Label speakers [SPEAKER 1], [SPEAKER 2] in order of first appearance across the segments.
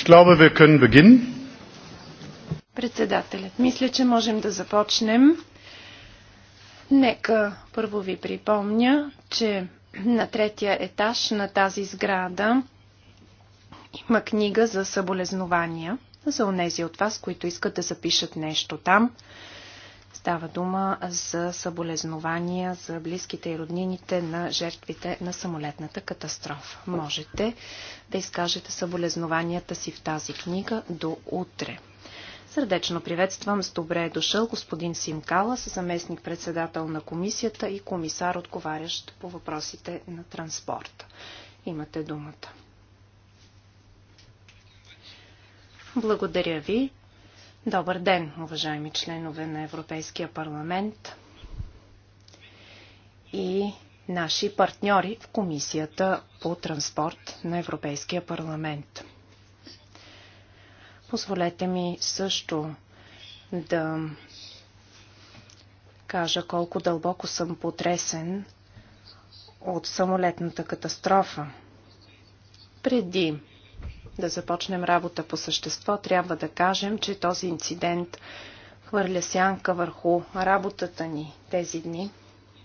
[SPEAKER 1] Ich glaube, wir können beginnen.
[SPEAKER 2] Председателят, мисля, че можем да започнем. Нека първо ви припомня, че на третия етаж на тази сграда има книга за съболезнования за онези от вас, които искат да запишат нещо там. Става дума за съболезнования за близките и роднините на жертвите на самолетната катастрофа. Можете да изкажете съболезнованията си в тази книга до утре. Сърдечно приветствам с добре е дошъл господин Симкала, заместник председател на комисията и комисар, отговарящ по въпросите на транспорта. Имате думата. Благодаря ви. Добър ден, уважаеми членове на Европейския парламент и наши партньори в Комисията по транспорт на Европейския парламент. Позволете ми също да кажа колко дълбоко съм потресен от самолетната катастрофа. Преди да започнем работа по същество, трябва да кажем, че този инцидент хвърля сянка върху работата ни тези дни.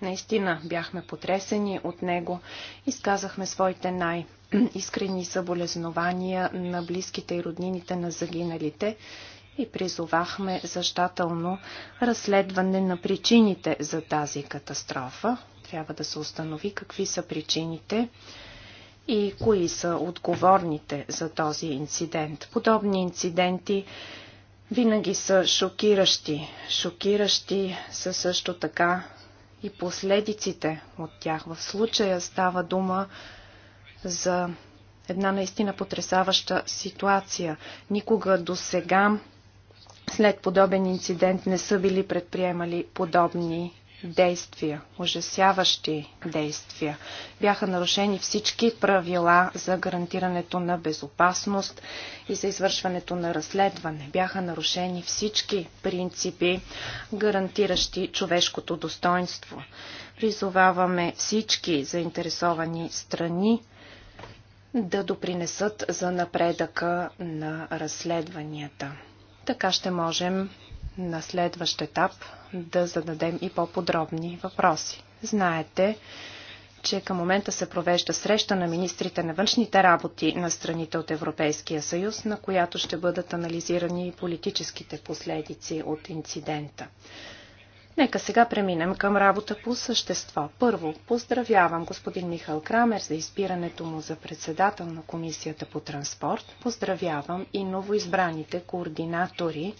[SPEAKER 2] Наистина бяхме потресени от него, изказахме своите най-искрени съболезнования на близките и роднините на загиналите и призовахме защателно разследване на причините за тази катастрофа. Трябва да се установи какви са причините, и кои са отговорните за този инцидент. Подобни инциденти винаги са шокиращи. Шокиращи са също така и последиците от тях. В случая става дума за една наистина потрясаваща ситуация. Никога до сега след подобен инцидент не са били предприемали подобни действия, ужасяващи действия. Бяха нарушени всички правила за гарантирането на безопасност и за извършването на разследване. Бяха нарушени всички принципи, гарантиращи човешкото достоинство. Призоваваме всички заинтересовани страни да допринесат за напредъка на разследванията. Така ще можем на следващ етап да зададем и по-подробни въпроси. Знаете, че към момента се провежда среща на министрите на външните работи на страните от Европейския съюз, на която ще бъдат анализирани и политическите последици от инцидента. Нека сега преминем към работа по същество. Първо, поздравявам господин Михал Крамер за избирането му за председател на Комисията по транспорт. Поздравявам и новоизбраните координатори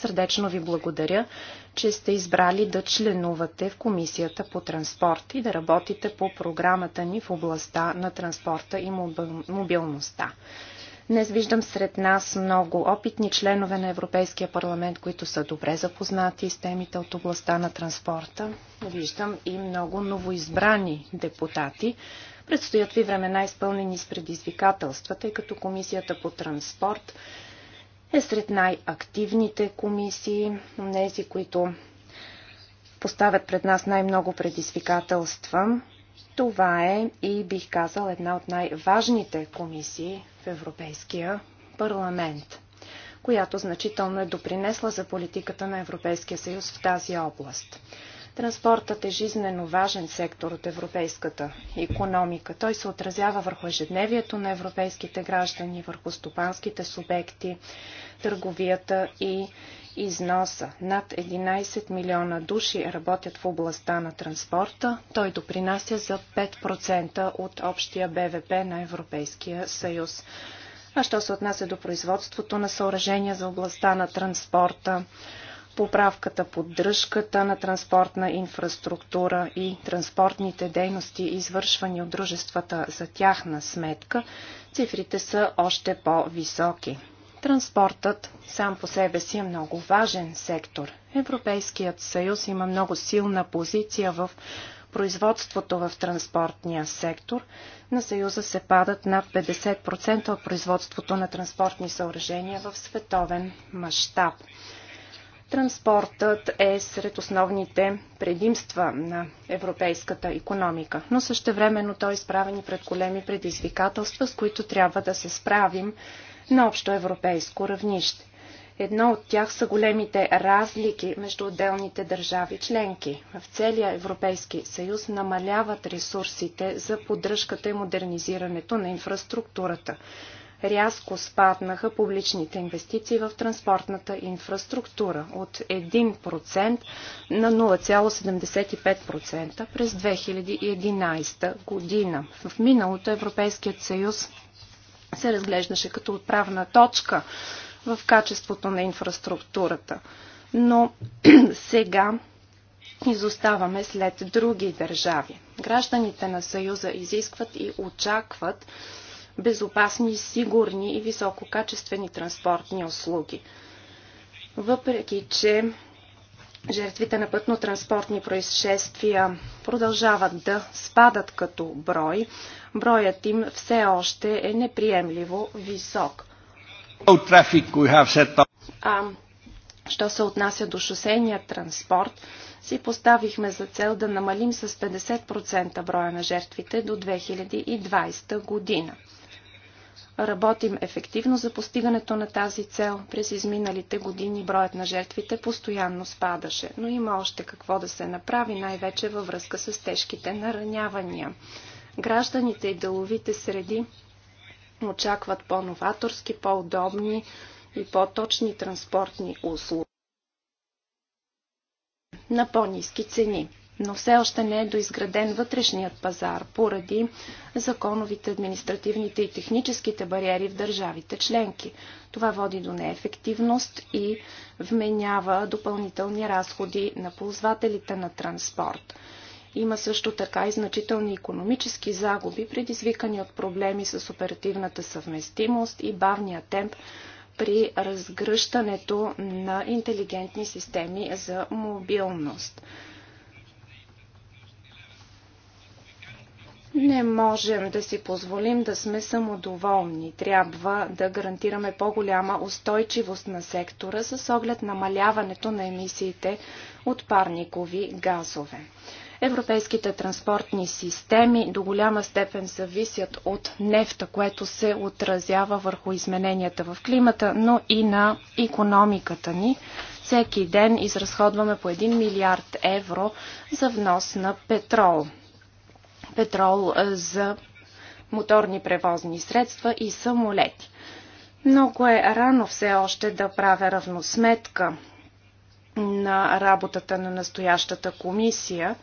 [SPEAKER 2] Сърдечно ви благодаря, че сте избрали да членувате в Комисията по транспорт и да работите по програмата ни в областта на транспорта и мобилността. Днес виждам сред нас много опитни членове на Европейския парламент, които са добре запознати с темите от областта на транспорта. Виждам и много новоизбрани депутати. Предстоят ви времена изпълнени с предизвикателства, тъй като Комисията по транспорт е сред най-активните комисии, тези, които поставят пред нас най-много предизвикателства. Това е и бих казал една от най-важните комисии в Европейския парламент, която значително е допринесла за политиката на Европейския съюз в тази област. Транспортът е жизнено важен сектор от европейската економика. Той се отразява върху ежедневието на европейските граждани, върху стопанските субекти, търговията и износа. Над 11 милиона души работят в областта на транспорта. Той допринася за 5% от общия БВП на Европейския съюз. А що се отнася до производството на съоръжения за областта на транспорта, поправката, поддръжката на транспортна инфраструктура и транспортните дейности, извършвани от дружествата за тяхна сметка, цифрите са още по-високи. Транспортът сам по себе си е много важен сектор. Европейският съюз има много силна позиция в производството в транспортния сектор. На Съюза се падат над 50% от производството на транспортни съоръжения в световен мащаб. Транспортът е сред основните предимства на европейската економика, но същевременно той е изправен и пред големи предизвикателства, с които трябва да се справим на общо европейско равнище. Едно от тях са големите разлики между отделните държави членки. В целия Европейски съюз намаляват ресурсите за поддръжката и модернизирането на инфраструктурата рязко спаднаха публичните инвестиции в транспортната инфраструктура от 1% на 0,75% през 2011 година. В миналото Европейският съюз се разглеждаше като отправна точка в качеството на инфраструктурата. Но сега изоставаме след други държави. Гражданите на Съюза изискват и очакват безопасни, сигурни и висококачествени транспортни услуги. Въпреки, че жертвите на пътно-транспортни происшествия продължават да спадат като брой, броят им все още е неприемливо висок. А, що се отнася до шосейния транспорт, си поставихме за цел да намалим с 50% броя на жертвите до 2020 година. Работим ефективно за постигането на тази цел. През изминалите години броят на жертвите постоянно спадаше, но има още какво да се направи, най-вече във връзка с тежките наранявания. Гражданите и деловите среди очакват по-новаторски, по-удобни и по-точни транспортни услуги на по-низки цени но все още не е доизграден вътрешният пазар поради законовите, административните и техническите бариери в държавите членки. Това води до неефективност и вменява допълнителни разходи на ползвателите на транспорт. Има също така и значителни економически загуби, предизвикани от проблеми с оперативната съвместимост и бавния темп при разгръщането на интелигентни системи за мобилност. Не можем да си позволим да сме самодоволни. Трябва да гарантираме по-голяма устойчивост на сектора с оглед намаляването на емисиите от парникови газове. Европейските транспортни системи до голяма степен зависят от нефта, което се отразява върху измененията в климата, но и на економиката ни. Всеки ден изразходваме по 1 милиард евро за внос на петрол петрол за моторни превозни средства и самолети. Много е рано все още да правя равносметка на работата на настоящата комисия,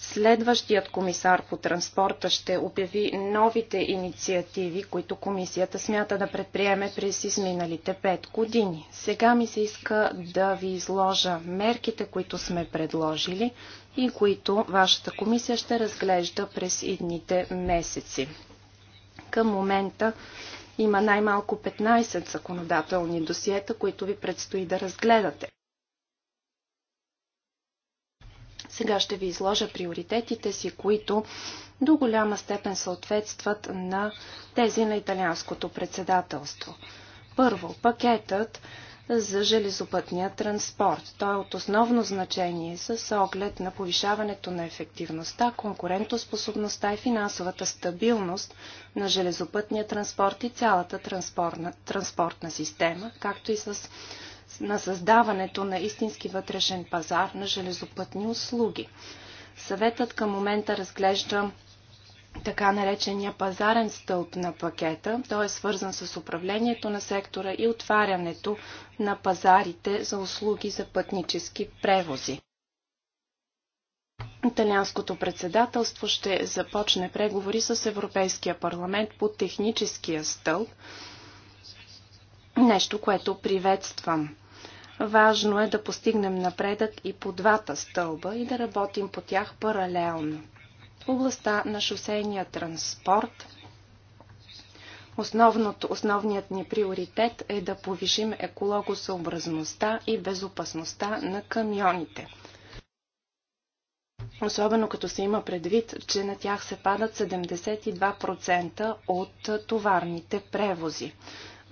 [SPEAKER 2] Следващият комисар по транспорта ще обяви новите инициативи, които комисията смята да предприеме през изминалите пет години. Сега ми се иска да ви изложа мерките, които сме предложили и които вашата комисия ще разглежда през идните месеци. Към момента има най-малко 15 законодателни досиета, които ви предстои да разгледате. Сега ще ви изложа приоритетите си, които до голяма степен съответстват на тези на италианското председателство. Първо, пакетът за железопътния транспорт. Той е от основно значение с оглед на повишаването на ефективността, конкурентоспособността и финансовата стабилност на железопътния транспорт и цялата транспортна, транспортна система, както и с на създаването на истински вътрешен пазар на железопътни услуги. Съветът към момента разглежда така наречения пазарен стълб на пакета. Той е свързан с управлението на сектора и отварянето на пазарите за услуги за пътнически превози. Италианското председателство ще започне преговори с Европейския парламент по техническия стълб, Нещо, което приветствам. Важно е да постигнем напредък и по двата стълба и да работим по тях паралелно. В областта на шосейния транспорт Основното, основният ни приоритет е да повишим екологосъобразността и безопасността на камионите. Особено като се има предвид, че на тях се падат 72% от товарните превози.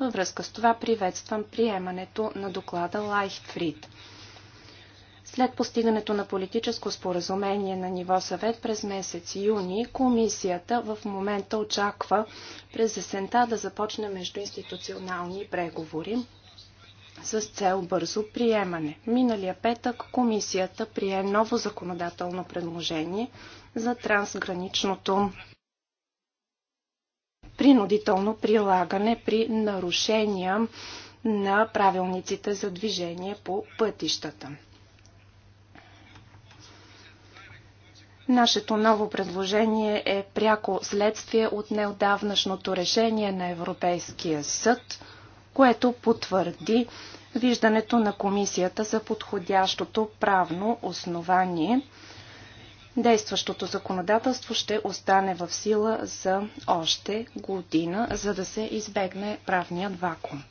[SPEAKER 2] Във връзка с това приветствам приемането на доклада Лайхтфрид. След постигането на политическо споразумение на ниво съвет през месец юни, комисията в момента очаква през есента да започне междуинституционални преговори с цел бързо приемане. Миналия петък комисията прие ново законодателно предложение за трансграничното принудително прилагане при нарушения на правилниците за движение по пътищата. Нашето ново предложение е пряко следствие от неодавнашното решение на Европейския съд, което потвърди виждането на комисията за подходящото правно основание – Действащото законодателство ще остане в сила за още година, за да се избегне правният вакуум.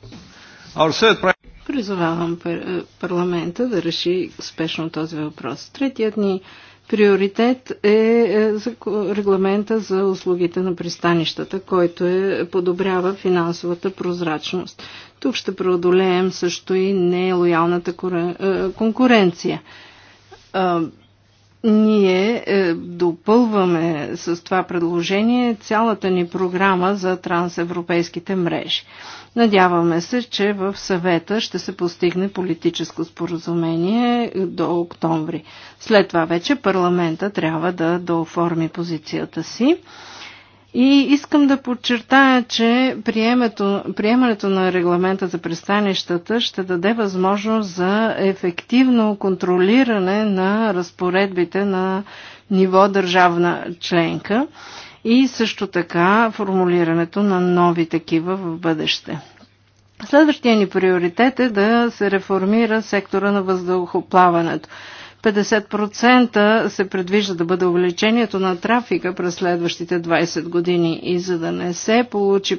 [SPEAKER 3] Призовавам е, парламента да реши спешно този въпрос. Третият ни приоритет е, е регламента за услугите на пристанищата, който е, подобрява финансовата прозрачност. Тук ще преодолеем също и нелоялната е, конкуренция ние е, допълваме с това предложение цялата ни програма за трансевропейските мрежи. Надяваме се, че в съвета ще се постигне политическо споразумение до октомври. След това вече парламента трябва да дооформи позицията си. И искам да подчертая, че приемето, приемането на регламента за пристанищата ще даде възможност за ефективно контролиране на разпоредбите на ниво държавна членка и също така формулирането на нови такива в бъдеще. Следващия ни приоритет е да се реформира сектора на въздухоплаването. 50% се предвижда да бъде увеличението на трафика през следващите 20 години и за да не се получи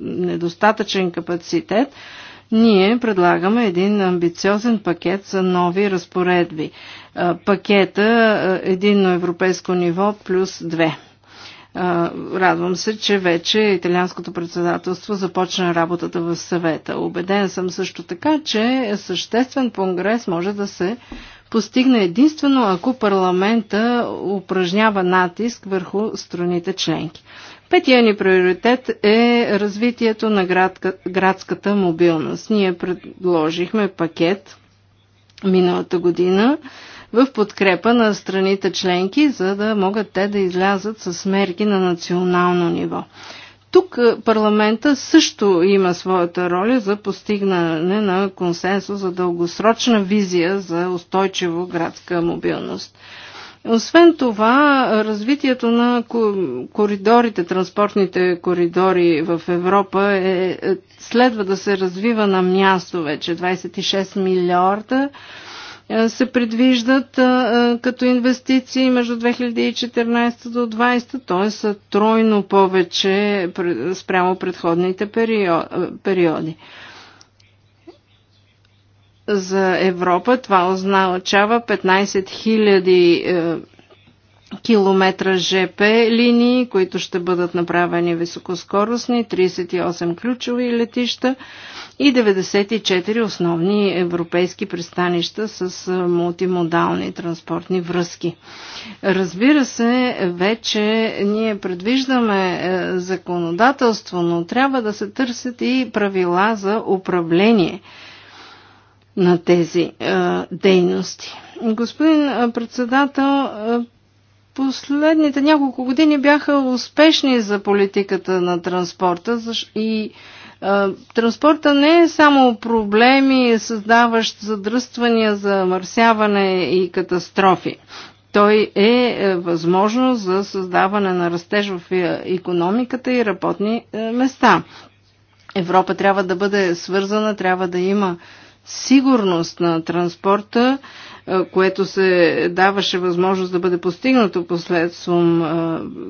[SPEAKER 3] недостатъчен капацитет, ние предлагаме един амбициозен пакет за нови разпоредби. Пакета един на европейско ниво плюс 2. Радвам се, че вече италианското председателство започна работата в съвета. Обеден съм също така, че съществен конгрес може да се постигне единствено ако парламента упражнява натиск върху страните членки. Петия ни приоритет е развитието на градка, градската мобилност. Ние предложихме пакет миналата година в подкрепа на страните членки, за да могат те да излязат с мерки на национално ниво. Тук е, парламента също има своята роля за постигнане на консенсус за дългосрочна визия за устойчиво градска мобилност. Освен това, развитието на коридорите, транспортните коридори в Европа е, е, следва да се развива на място вече. 26 милиарда е, се предвиждат е, е, като инвестиции между 2014 до 2020, т.е. тройно повече спрямо предходните периоди. За Европа това означава 15 000 километра ЖП линии, които ще бъдат направени високоскоростни, 38 ключови летища и 94 основни европейски пристанища с мултимодални транспортни връзки. Разбира се, вече ние предвиждаме е, законодателство, но трябва да се търсят и правила за управление на тези е, дейности. Господин е, председател, е, последните няколко години бяха успешни за политиката на транспорта и е, транспорта не е само проблеми, създаващ задръствания, замърсяване и катастрофи. Той е, е възможност за създаване на растеж в економиката и работни е, места. Европа трябва да бъде свързана, трябва да има сигурност на транспорта което се даваше възможност да бъде постигнато последством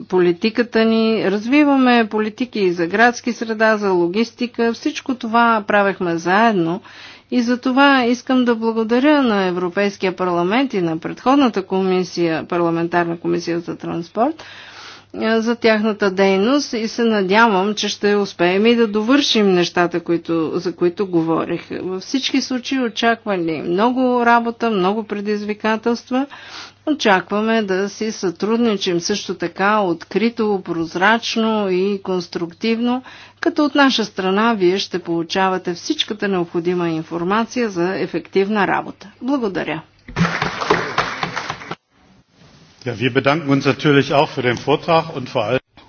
[SPEAKER 3] политиката ни. Развиваме политики за градски среда, за логистика. Всичко това правехме заедно. И за това искам да благодаря на Европейския парламент и на предходната комисия, парламентарна комисия за транспорт, е, за тяхната дейност и се надявам, че ще успеем и да довършим нещата, които, за които говорих. Във всички случаи очаквали много работа, много предизвикателства. Очакваме да си сътрудничим също така открито, прозрачно и конструктивно, като от наша страна вие ще получавате всичката необходима информация за ефективна работа. Благодаря!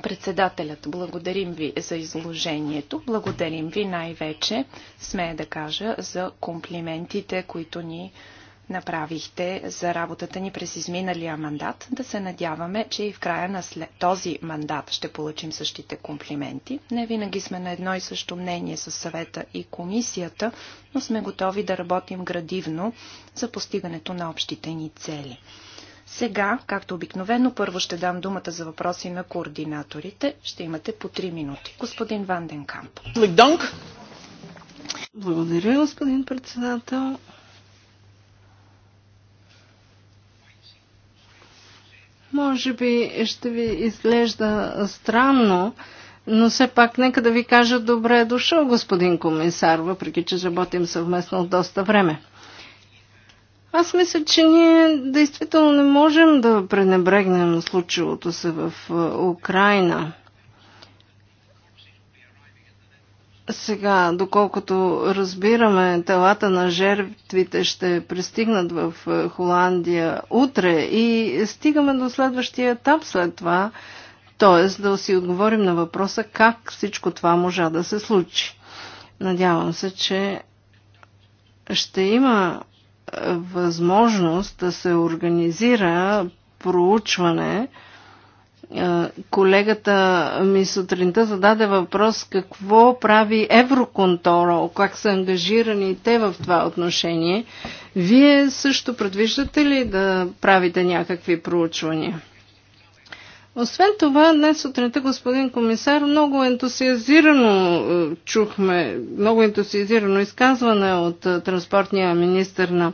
[SPEAKER 3] Председателят, благодарим
[SPEAKER 2] ви за изложението, благодарим ви най-вече, смея да кажа, за комплиментите, които ни направихте за работата ни през изминалия мандат. Да се надяваме, че и в края на след... този мандат ще получим същите комплименти. Не винаги сме на едно и също мнение с съвета и комисията, но сме готови да работим градивно за постигането на общите ни цели. Сега, както обикновено, първо ще дам думата за въпроси на координаторите. Ще имате по 3 минути. Господин Ванденкамп.
[SPEAKER 3] Ликдонг. Благодаря, господин председател. Може би ще ви изглежда странно, но все пак нека да ви кажа добре е дошъл, господин комисар, въпреки че работим съвместно от доста време. Аз мисля, че ние действително не можем да пренебрегнем случилото се в е, Украина. Сега, доколкото разбираме, телата на жертвите ще пристигнат в е, Холандия утре и стигаме до следващия етап след това, т.е. да си отговорим на въпроса как всичко това можа да се случи. Надявам се, че ще има възможност да се организира проучване. Колегата ми сутринта зададе въпрос какво прави Евроконтрол, как са ангажирани те в това отношение. Вие също предвиждате ли да правите някакви проучвания? Освен това, днес сутринта, господин комисар, много ентусиазирано е, чухме, много ентусиазирано изказване от е, транспортния министр на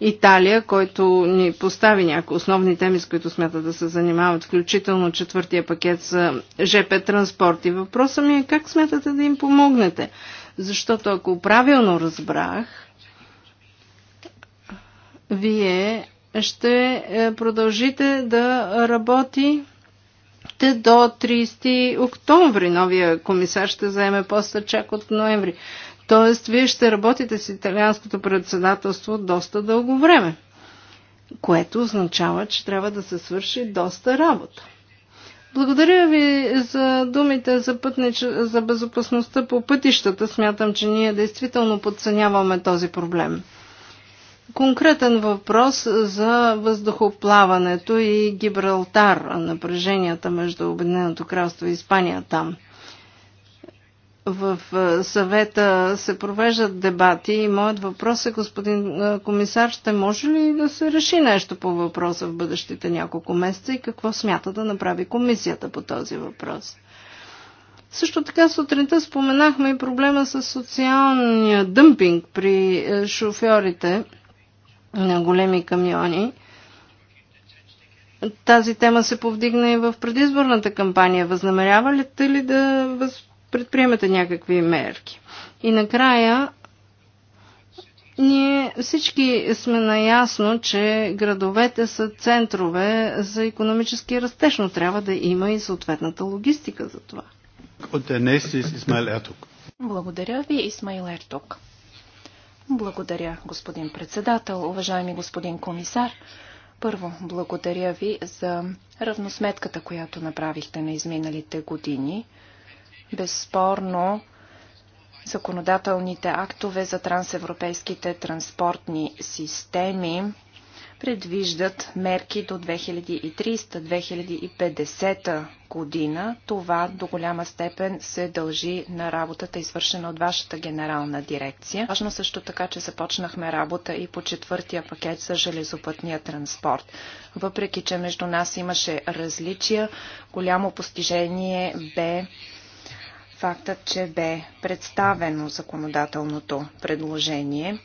[SPEAKER 3] Италия, който ни постави някои основни теми, с които смята да се занимават, включително четвъртия пакет за ЖП транспорт. И въпросът ми е как смятате да им помогнете? Защото ако правилно разбрах, вие ще е, продължите да работи проектите до 30 октомври. Новия комисар ще заеме поста чак от ноември. Тоест, вие ще работите с италианското председателство доста дълго време, което означава, че трябва да се свърши доста работа. Благодаря ви за думите за, пътнич... за безопасността по пътищата. Смятам, че ние действително подценяваме този проблем. Конкретен въпрос за въздухоплаването и Гибралтар, напреженията между Обединеното кралство и Испания там. В е, съвета се провеждат дебати и моят въпрос е, господин е, комисар, ще може ли да се реши нещо по въпроса в бъдещите няколко месеца и какво смята да направи комисията по този въпрос? Също така сутринта споменахме и проблема с социалния дъмпинг при е, шофьорите – на големи камиони. Тази тема се повдигна и в предизборната кампания. Възнамерява ли да предприемете някакви мерки? И накрая, ние всички сме наясно, че градовете са центрове за економически растеж, но трябва да има и съответната логистика за това.
[SPEAKER 2] Благодаря ви, Исмаил Ертук. Благодаря, господин председател, уважаеми господин комисар. Първо, благодаря ви за равносметката, която направихте на изминалите години. Безспорно, законодателните актове за трансевропейските транспортни системи предвиждат мерки до 2300-2050 година. Това до голяма степен се дължи на работата, извършена от вашата генерална дирекция. Важно също така, че започнахме работа и по четвъртия пакет за железопътния транспорт. Въпреки, че между нас имаше различия, голямо постижение бе фактът, че бе представено законодателното предложение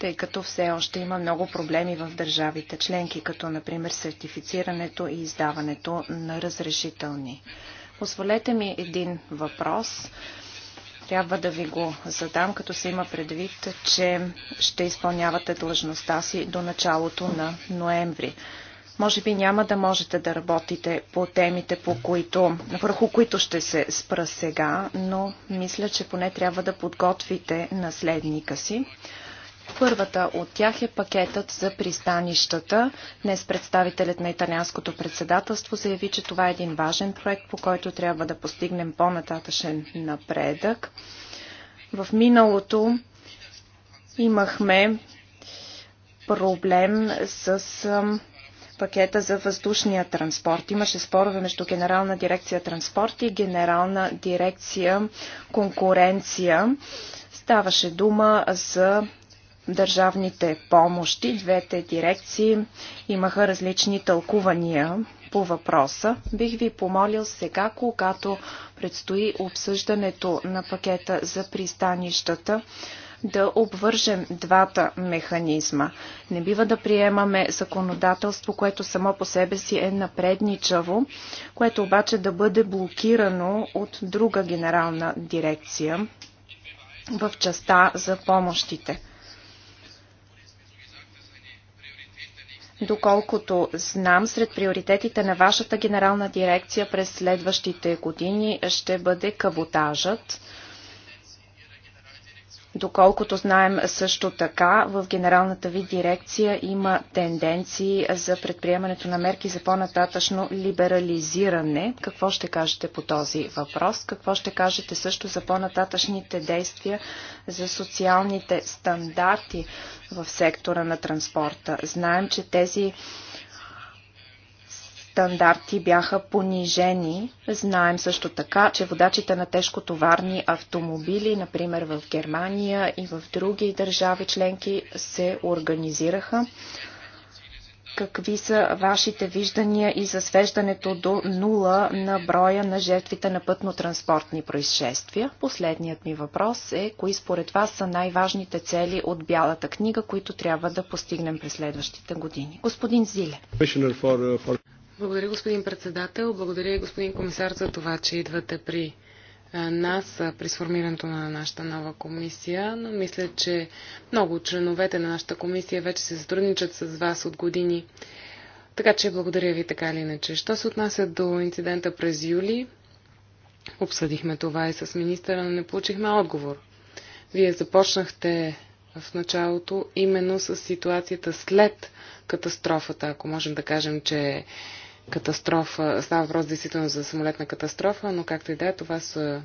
[SPEAKER 2] тъй като все още има много проблеми в държавите членки, като например сертифицирането и издаването на разрешителни. Позволете ми един въпрос. Трябва да ви го задам, като се има предвид, че ще изпълнявате длъжността си до началото на ноември. Може би няма да можете да работите по темите, по които, върху които ще се спра сега, но мисля, че поне трябва да подготвите наследника си. Първата от тях е пакетът за пристанищата. Днес представителят на италианското председателство заяви, че това е един важен проект, по който трябва да постигнем по-нататъчен напредък. В миналото имахме проблем с пакета за въздушния транспорт. Имаше спорове между Генерална дирекция транспорт и Генерална дирекция конкуренция. Ставаше дума за държавните помощи. Двете дирекции имаха различни тълкувания по въпроса. Бих ви помолил сега, когато предстои обсъждането на пакета за пристанищата, да обвържем двата механизма. Не бива да приемаме законодателство, което само по себе си е напредничаво, което обаче да бъде блокирано от друга генерална дирекция в частта за помощите. Доколкото знам, сред приоритетите на вашата генерална дирекция през следващите години ще бъде каботажът. Доколкото знаем също така, в генералната ви дирекция има тенденции за предприемането на мерки за по-нататъчно либерализиране. Какво ще кажете по този въпрос? Какво ще кажете също за по-нататъчните действия за социалните стандарти в сектора на транспорта? Знаем, че тези стандарти бяха понижени. Знаем също така, че водачите на тежкотоварни автомобили, например в Германия и в други държави членки, се организираха. Какви са вашите виждания и за свеждането до нула на броя на жертвите на пътно-транспортни происшествия? Последният ми въпрос е, кои според вас са най-важните цели от Бялата книга, които трябва да постигнем през следващите години? Господин Зиле.
[SPEAKER 4] Благодаря, господин председател. Благодаря, господин комисар, за това, че идвате при нас при сформирането на нашата нова комисия, но мисля, че много от членовете на нашата комисия вече се сътрудничат с вас от години. Така че благодаря ви така или иначе. Що се отнася до инцидента през юли, обсъдихме това и с министъра, но не получихме отговор. Вие започнахте в началото именно с ситуацията след катастрофата, ако можем да кажем, че е катастрофа. Става въпрос действително за самолетна катастрофа, но както и да е, това са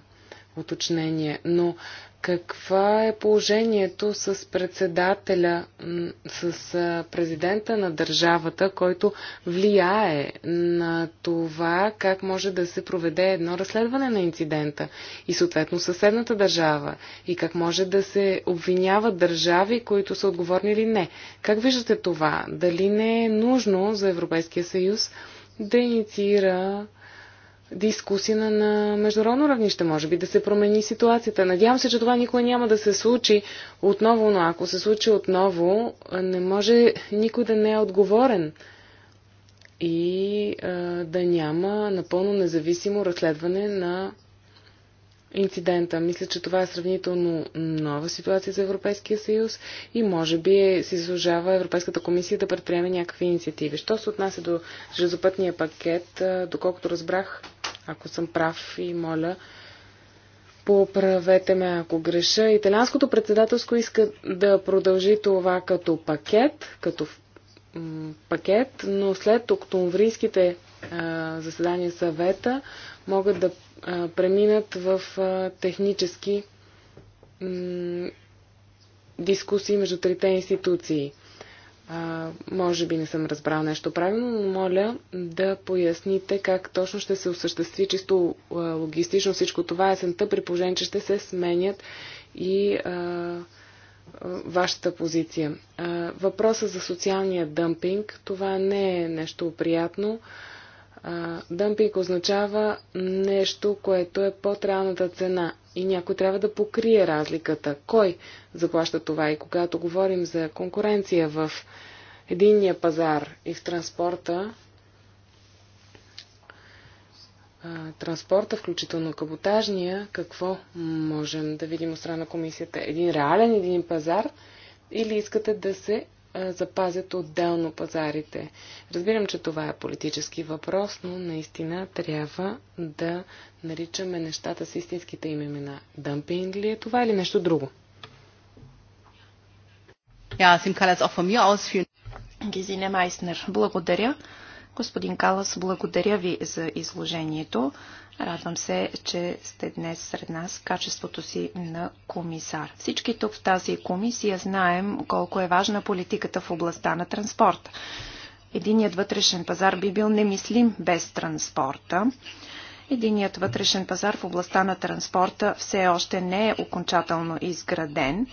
[SPEAKER 4] уточнения. Но каква е положението с председателя, с президента на държавата, който влияе на това как може да се проведе едно разследване на инцидента и съответно съседната държава и как може да се обвиняват държави, които са отговорни или не. Как виждате това? Дали не е нужно за Европейския съюз да инициира дискусия на, на международно равнище, може би да се промени ситуацията. Надявам се, че това никога няма да се случи отново, но ако се случи отново, не може никой да не е отговорен и а, да няма напълно независимо разследване на инцидента. Мисля, че това е сравнително нова ситуация за Европейския съюз и може би се заслужава Европейската комисия да предприеме някакви инициативи. Що се отнася до железопътния пакет, доколкото разбрах, ако съм прав и моля, поправете ме ако греша. Италианското председателство иска да продължи това като пакет, като пакет, но след октомврийските заседания съвета могат да преминат в технически дискусии между трите институции. А, може би не съм разбрал нещо правилно, но моля да поясните как точно ще се осъществи чисто а, логистично всичко това есента, при положение, че ще се сменят и а, вашата позиция. А, въпросът за социалния дъмпинг, това не е нещо приятно. А, дъмпинг означава нещо, което е под реалната цена и някой трябва да покрие разликата. Кой заплаща това? И когато говорим за конкуренция в единния пазар и в транспорта, транспорта, включително каботажния, какво можем да видим от страна на комисията? Един реален един пазар или искате да се запазят отделно пазарите. Разбирам, че това е политически въпрос, но наистина трябва да наричаме нещата с истинските им имена. Дъмпинг ли е това или нещо друго?
[SPEAKER 2] благодаря. Господин Калас, благодаря ви за изложението. Радвам се, че сте днес сред нас в качеството си на комисар. Всички тук в тази комисия знаем колко е важна политиката в областта на транспорта. Единият вътрешен пазар би бил немислим без транспорта. Единият вътрешен пазар в областта на транспорта все още не е окончателно изграден.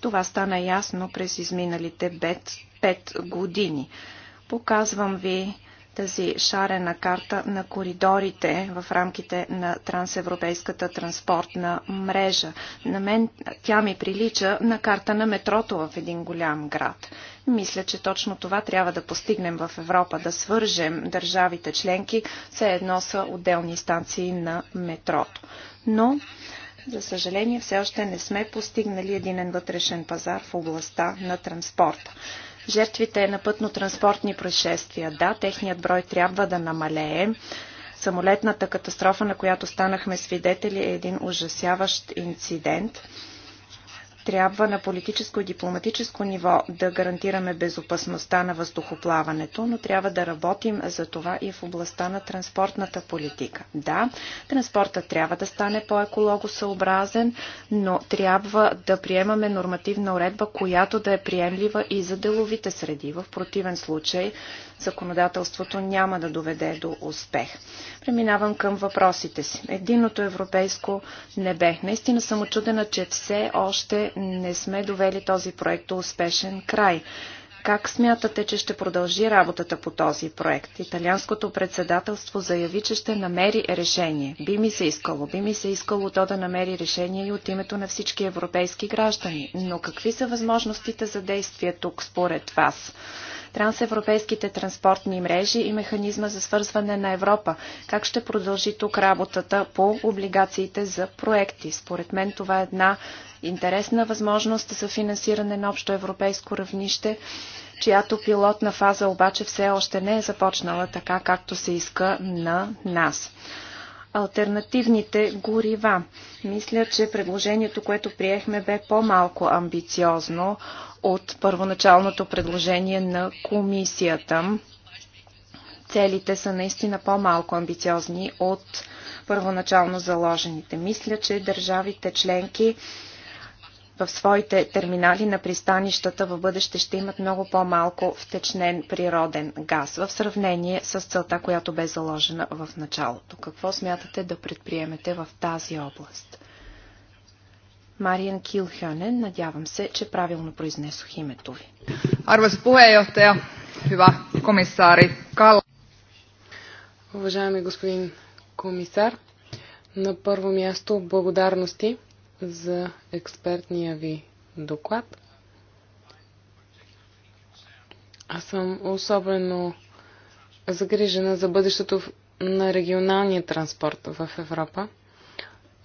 [SPEAKER 2] Това стана ясно през изминалите 5 години. Показвам ви тази шарена карта на коридорите в рамките на трансевропейската транспортна мрежа. На мен тя ми прилича на карта на метрото в един голям град. Мисля, че точно това трябва да постигнем в Европа, да свържем държавите членки, все едно са отделни станции на метрото. Но за съжаление, все още не сме постигнали единен вътрешен пазар в областта на транспорта. Жертвите на пътно-транспортни происшествия. Да, техният брой трябва да намалее. Самолетната катастрофа, на която станахме свидетели, е един ужасяващ инцидент. Трябва на политическо и дипломатическо ниво да гарантираме безопасността на въздухоплаването, но трябва да работим за това и в областта на транспортната политика. Да, транспорта трябва да стане по-екологосъобразен, но трябва да приемаме нормативна уредба, която да е приемлива и за деловите среди. В противен случай законодателството няма да доведе до успех. Преминавам към въпросите си. Единото европейско небе. Наистина съм очудена, че все още не сме довели този проект до успешен край. Как смятате, че ще продължи работата по този проект? Италианското председателство заяви, че ще намери решение. Би ми се искало, би ми се искало то да намери решение и от името на всички европейски граждани. Но какви са възможностите за действие тук според вас? трансевропейските транспортни мрежи и механизма за свързване на Европа. Как ще продължи тук работата по облигациите за проекти? Според мен това е една интересна възможност за финансиране на общо европейско равнище, чиято пилотна фаза обаче все още не е започнала така, както се иска на нас альтернативните горива. Мисля, че предложението, което приехме, бе по-малко амбициозно от първоначалното предложение на комисията. Целите са наистина по-малко амбициозни от първоначално заложените. Мисля, че държавите членки в своите терминали на пристанищата в бъдеще ще имат много по-малко втечнен природен газ в сравнение с целта, която бе заложена в началото. Какво смятате да предприемете в тази област? Мариан Килхьонен. Надявам се, че правилно произнесох името
[SPEAKER 4] ви. Арвас puheenjohtaja, hyvä комисари Кал. Уважаеми господин комисар, на първо място благодарности за експертния ви доклад. Аз съм особено загрижена за бъдещето на регионалния транспорт в Европа.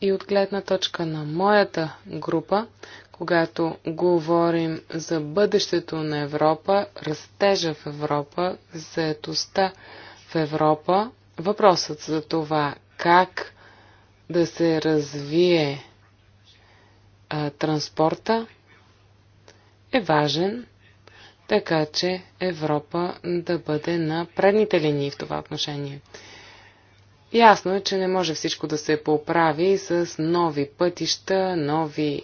[SPEAKER 4] И от гледна точка на моята група, когато говорим за бъдещето на Европа, растежа в Европа, заетостта в Европа, въпросът за това как да се развие а, транспорта е важен, така че Европа да бъде на предните линии в това отношение. Ясно е, че не може всичко да се поправи с нови пътища, нови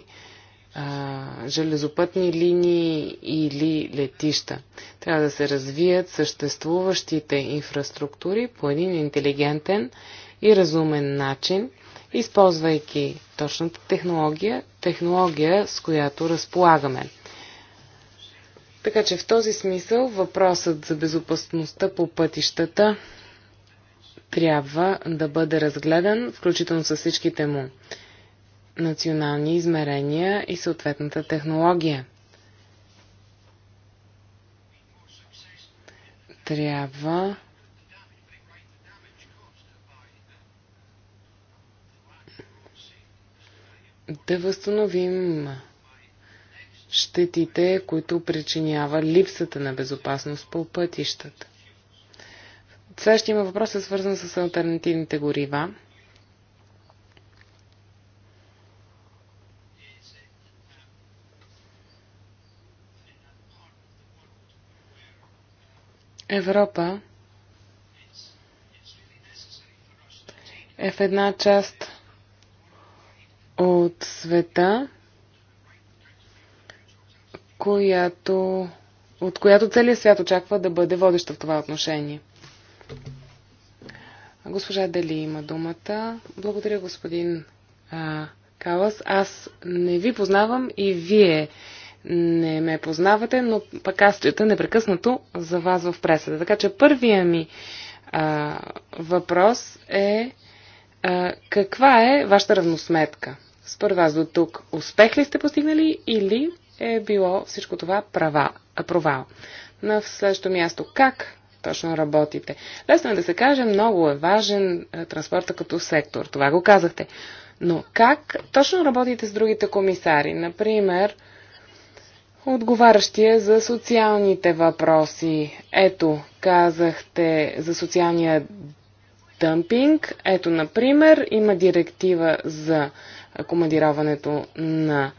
[SPEAKER 4] а, железопътни линии или летища. Трябва да се развият съществуващите инфраструктури по един интелигентен и разумен начин, използвайки точната технология, технология с която разполагаме. Така че в този смисъл въпросът за безопасността по пътищата трябва да бъде разгледан, включително с всичките му национални измерения и съответната технология. Трябва да възстановим щетите, които причинява липсата на безопасност по пътищата. Сега ще има въпроса, свързан с альтернативните горива. Европа е в една част от света, която, от която целият свят очаква да бъде водеща в това отношение. Госпожа Дали има думата. Благодаря, господин а, Калас. Аз не ви познавам и вие не ме познавате, но пък аз чета непрекъснато за вас в пресата. Така че първия ми а, въпрос е а, каква е вашата равносметка? Според вас до тук успех ли сте постигнали или е било всичко това права, провал? На следващото място, как точно работите. Лесно е да се каже, много е важен е, транспорта като сектор. Това го казахте. Но как точно работите с другите комисари? Например, отговарящия за социалните въпроси. Ето, казахте за социалния дъмпинг. Ето, например, има директива за командироването на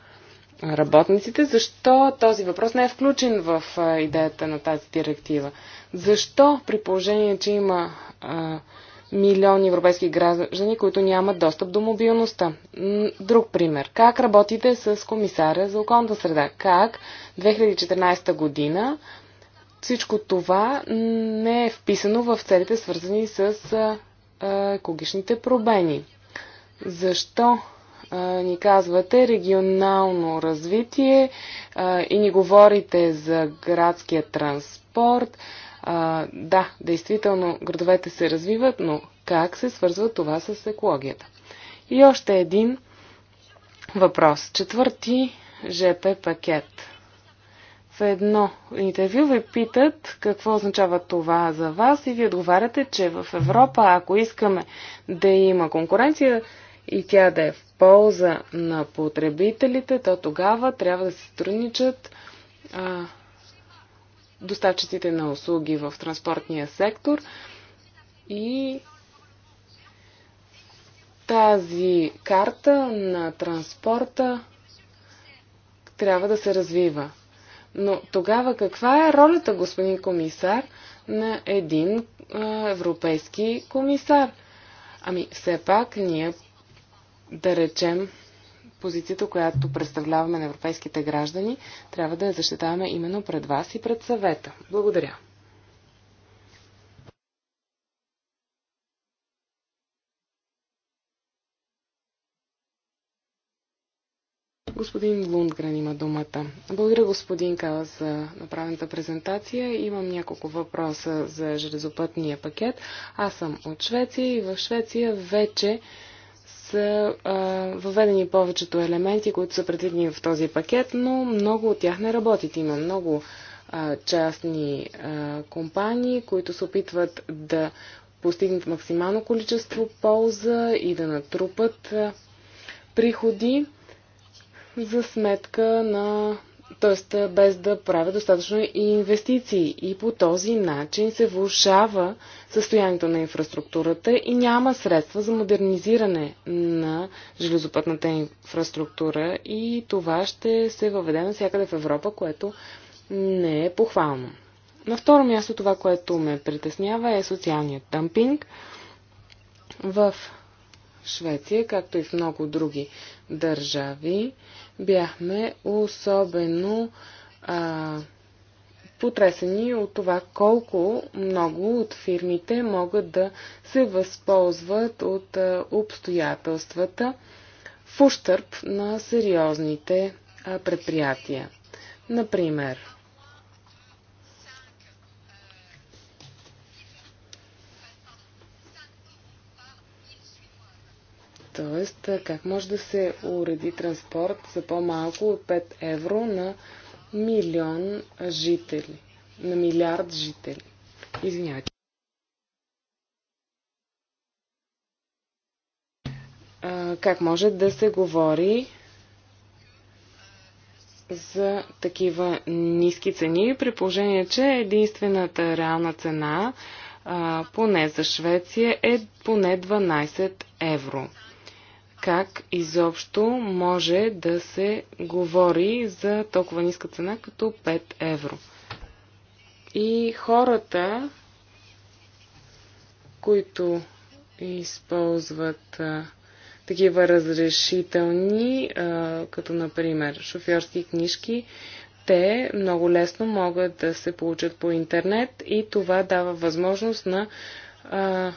[SPEAKER 4] работниците. Защо този въпрос не е включен в е, идеята на тази директива? Защо при положение, че има а, милиони европейски граждани, които нямат достъп до мобилността. Друг пример. Как работите с комисаря за околната среда? Как 2014 година всичко това не е вписано в целите, свързани с екологичните пробени? Защо ни казвате регионално развитие и ни говорите за градския транспорт? а, да, действително градовете се развиват, но как се свързва това с екологията? И още един въпрос. Четвърти ЖП пакет. В едно интервю ви питат какво означава това за вас и ви отговаряте, че в Европа, ако искаме да има конкуренция и тя да е в полза на потребителите, то тогава трябва да се сътрудничат а, доставчиците на услуги в транспортния сектор и тази карта на транспорта трябва да се развива. Но тогава каква е ролята, господин комисар, на един европейски комисар? Ами, все пак ние, да речем, позицията, която представляваме на европейските граждани, трябва да я защитаваме именно пред вас и пред съвета. Благодаря. Господин Лундгрен има думата. Благодаря господин Кала за направената презентация. Имам няколко въпроса за железопътния пакет. Аз съм от Швеция и в Швеция вече са а, въведени повечето елементи, които са предвидени в този пакет, но много от тях не работят. Има много а, частни а, компании, които се опитват да постигнат максимално количество полза и да натрупат а, приходи за сметка на т.е. без да правят достатъчно инвестиции. И по този начин се влушава състоянието на инфраструктурата и няма средства за модернизиране на железопътната инфраструктура и това ще се въведе навсякъде в Европа, което не е похвално. На второ място това, което ме притеснява е социалният дъмпинг в Швеция, както и в много други държави бяхме особено а, потресени от това колко много от фирмите могат да се възползват от а, обстоятелствата в ущърп на сериозните а, предприятия. Например, Тоест, как може да се уреди транспорт за по-малко от 5 евро на милион жители, на милиард жители? Извинявайте. как може да се говори за такива ниски цени, при положение, че единствената реална цена поне за Швеция е поне 12 евро как изобщо може да се говори за толкова ниска цена като 5 евро. И хората, които използват а, такива разрешителни, а, като например шофьорски книжки, те много лесно могат да се получат по интернет и това дава възможност на а,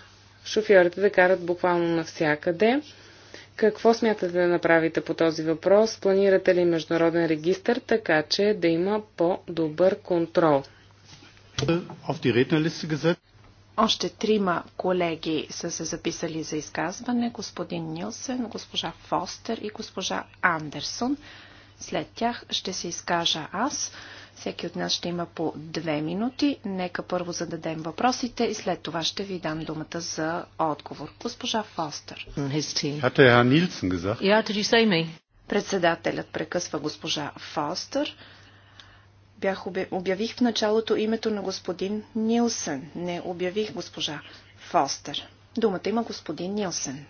[SPEAKER 4] шофьорите да карат буквално навсякъде какво смятате да направите по този въпрос? Планирате ли международен регистр, така че да има по-добър контрол? Още трима
[SPEAKER 2] колеги са се записали за изказване. Господин Нилсен, госпожа Фостер и госпожа Андерсон. След тях ще се изкажа аз. Всеки от нас ще има по две минути. Нека първо зададем въпросите и след това ще ви дам думата за отговор. Госпожа Фостер. Председателят прекъсва госпожа Фостер. Бях обявих в началото името на господин Нилсън. Не обявих госпожа Фостер. Думата има господин Нилсън.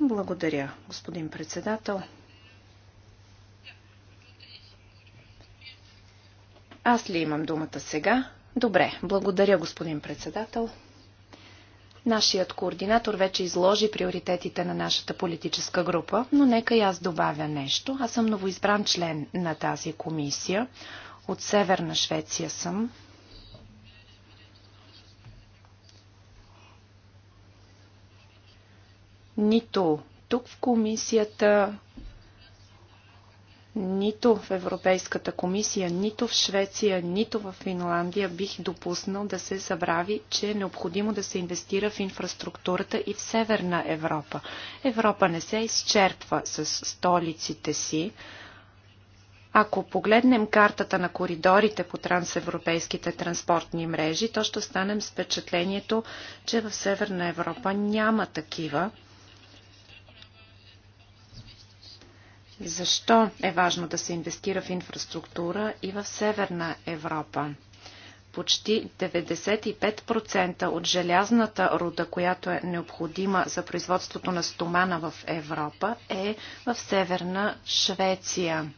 [SPEAKER 2] Благодаря, господин председател. Аз ли имам думата сега? Добре, благодаря, господин председател. Нашият координатор вече изложи приоритетите на нашата политическа група, но нека и аз добавя нещо. Аз съм новоизбран член на тази комисия. От Северна Швеция съм. Нито тук в комисията, нито в Европейската комисия, нито в Швеция, нито в Финландия бих допуснал да се забрави, че е необходимо да се инвестира в инфраструктурата и в Северна Европа. Европа не се изчерпва с столиците си. Ако погледнем картата на коридорите по трансевропейските транспортни мрежи, то ще останем с впечатлението, че в Северна Европа няма такива. Защо е важно да се инвестира в инфраструктура и в Северна Европа? Почти 95% от желязната руда, която е необходима за производството на стомана в Европа, е в Северна Швеция.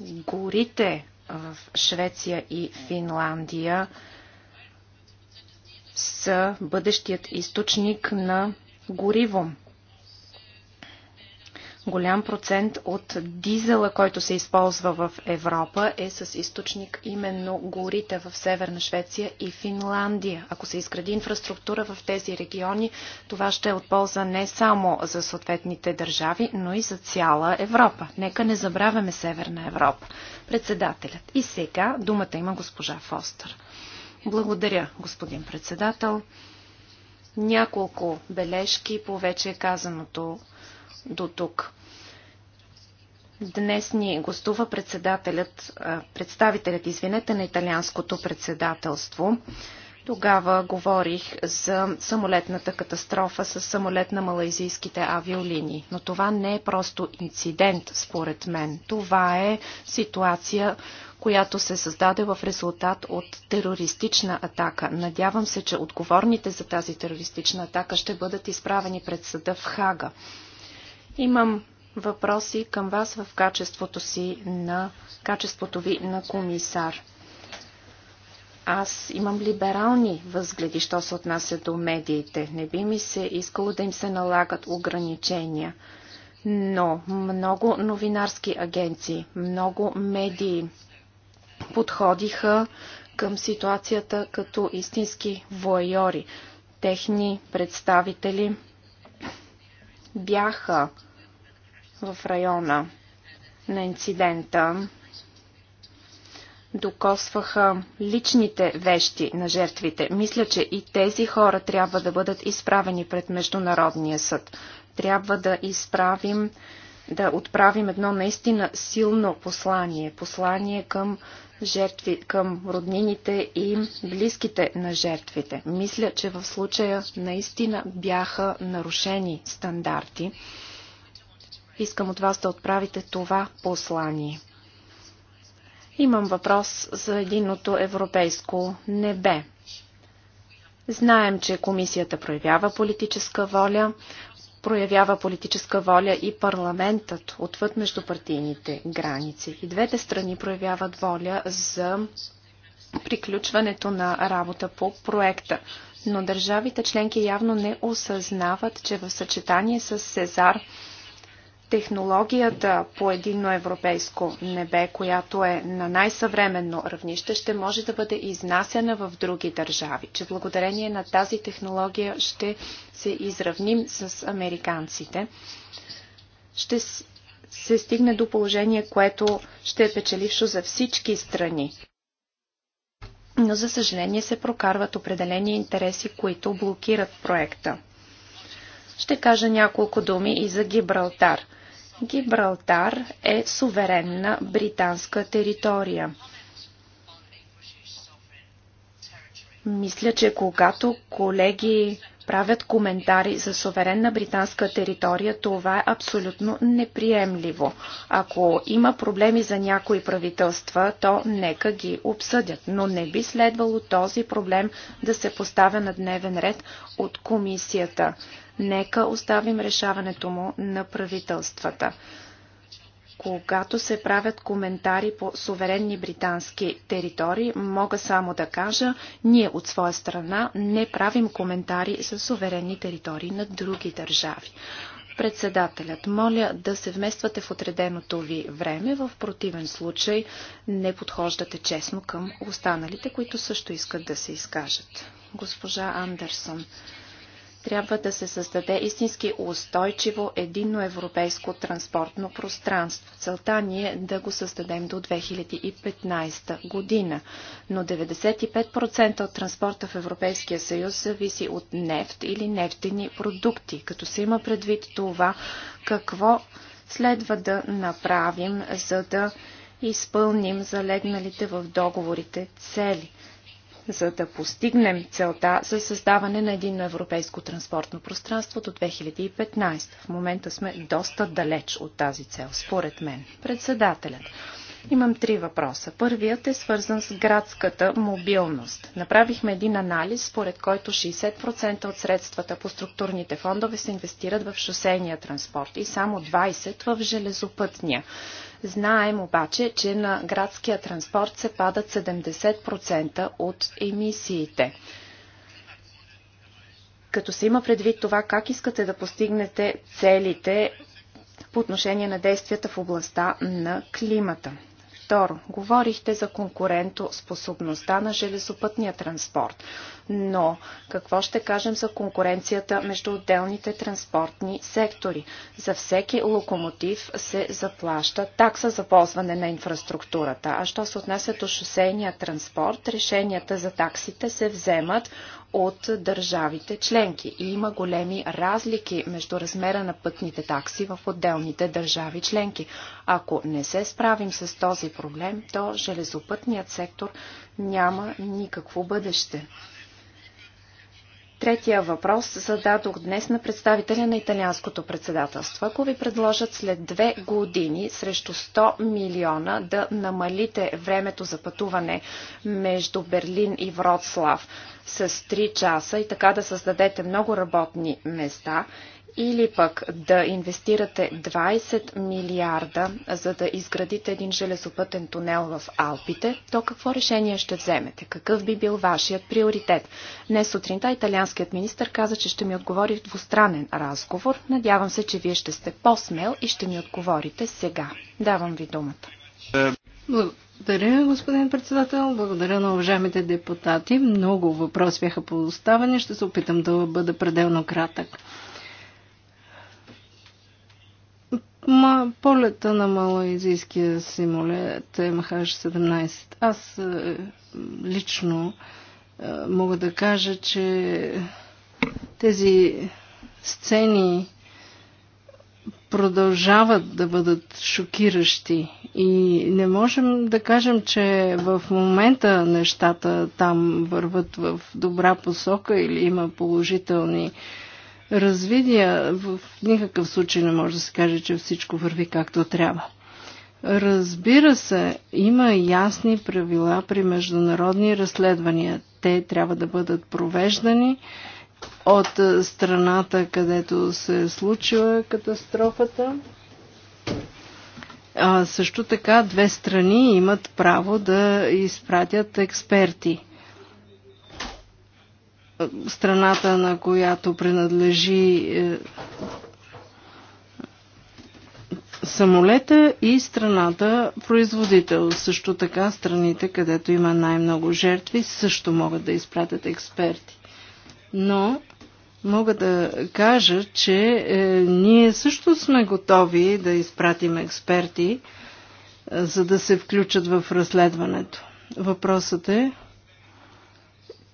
[SPEAKER 2] Горите в Швеция и Финландия са бъдещият източник на гориво Голям процент от дизела, който се използва в Европа, е с източник именно горите в Северна Швеция и Финландия. Ако се изгради инфраструктура в тези региони, това ще е от полза не само за съответните държави, но и за цяла Европа. Нека не забравяме Северна Европа. Председателят. И сега думата има госпожа Фостер. Благодаря, господин председател. Няколко бележки по вече казаното до тук. Днес ни гостува председателят, представителят, извинете, на италианското председателство. Тогава говорих за самолетната катастрофа с самолет на малайзийските авиолинии. Но това не е просто инцидент, според мен. Това е ситуация, която се създаде в резултат от терористична атака. Надявам се, че отговорните за тази терористична атака ще бъдат изправени пред съда в Хага. Имам въпроси към вас в качеството си на качеството ви на комисар. Аз имам либерални възгледи, що се отнася до медиите. Не би ми се искало да им се налагат ограничения. Но много новинарски агенции, много медии подходиха към ситуацията като истински воайори. Техни представители бяха в района на инцидента, докосваха личните вещи на жертвите. Мисля, че и тези хора трябва да бъдат изправени пред Международния съд. Трябва да изправим, да отправим едно наистина силно послание. Послание към жертви, към роднините и близките на жертвите. Мисля, че в случая наистина бяха нарушени стандарти. Искам от вас да отправите това послание. Имам въпрос за единното европейско небе. Знаем, че комисията проявява политическа воля, проявява политическа воля и парламентът отвъд междупартийните граници. И двете страни проявяват воля за приключването на работа по проекта. Но държавите членки явно не осъзнават, че в съчетание с Сезар – технологията по единно европейско небе, която е на най-съвременно равнище, ще може да бъде изнасяна в други държави, че благодарение на тази технология ще се изравним с американците. Ще се стигне до положение, което ще е печелившо за всички страни. Но за съжаление се прокарват определени интереси, които блокират проекта. Ще кажа няколко думи и за Гибралтар – Гибралтар е суверенна британска територия. Мисля, че когато колеги правят коментари за суверенна британска територия, това е абсолютно неприемливо. Ако има проблеми за някои правителства, то нека ги обсъдят. Но не би следвало този проблем да се поставя на дневен ред от комисията. Нека оставим решаването му на правителствата. Когато се правят коментари по суверенни британски територии, мога само да кажа, ние от своя страна не правим коментари за суверенни територии на други държави. Председателят, моля да се вмествате в отреденото ви време, в противен случай не подхождате честно към останалите, които също искат да се изкажат. Госпожа Андерсон. Трябва да се създаде истински устойчиво единно европейско транспортно пространство. Целта ни е да го създадем до 2015 година. Но 95% от транспорта в Европейския съюз зависи от нефт или нефтени продукти. Като се има предвид това, какво следва да направим, за да изпълним залегналите в договорите цели за да постигнем целта за създаване на един европейско транспортно пространство до 2015. В момента сме доста далеч от тази цел, според мен. Председателят. Имам три въпроса. Първият е свързан с градската мобилност. Направихме един анализ, според който 60% от средствата по структурните фондове се инвестират в шосейния транспорт и само 20% в железопътния. Знаем обаче, че на градския транспорт се падат 70% от емисиите. Като се има предвид това как искате да постигнете целите по отношение на действията в областта на климата. Второ, говорихте за конкурентоспособността на железопътния транспорт, но какво ще кажем за конкуренцията между отделните транспортни сектори? За всеки локомотив се заплаща такса за ползване на инфраструктурата, а що се отнася до шосейния транспорт, решенията за таксите се вземат от държавите членки. И има големи разлики между размера на пътните такси в отделните държави членки. Ако не се справим с този проблем, то железопътният сектор няма никакво бъдеще. Третия въпрос зададох днес на представителя на италианското председателство. Ако ви предложат след две години срещу 100 милиона да намалите времето за пътуване между Берлин и Вроцлав с 3 часа и така да създадете много работни места, или пък да инвестирате 20 милиарда, за да изградите един железопътен тунел в Алпите, то какво решение ще вземете? Какъв би бил вашият приоритет? Днес сутринта италианският министр каза, че ще ми отговори в двустранен разговор. Надявам се, че вие ще сте по-смел и ще ми отговорите сега. Давам ви думата.
[SPEAKER 3] Благодаря, господин председател. Благодаря на уважаемите депутати. Много въпроси бяха поставени. Ще се опитам да бъда пределно кратък. Ма, полета на малоизийския симолет е МХ-17. Аз е, лично е, мога да кажа, че тези сцени продължават да бъдат шокиращи и не можем да кажем, че в момента нещата там върват в добра посока или има положителни е, развидия, в никакъв случай не може да се каже, че всичко върви както трябва. Разбира се, има ясни правила при международни разследвания. Те трябва да бъдат провеждани от страната, където се е случила катастрофата. А, също така две страни имат право да изпратят експерти страната, на която принадлежи е, самолета и страната производител. Също така страните, където има най-много жертви, също могат да изпратят експерти. Но мога да кажа, че е, ние също сме готови да изпратим експерти, е, за да се включат в разследването. Въпросът е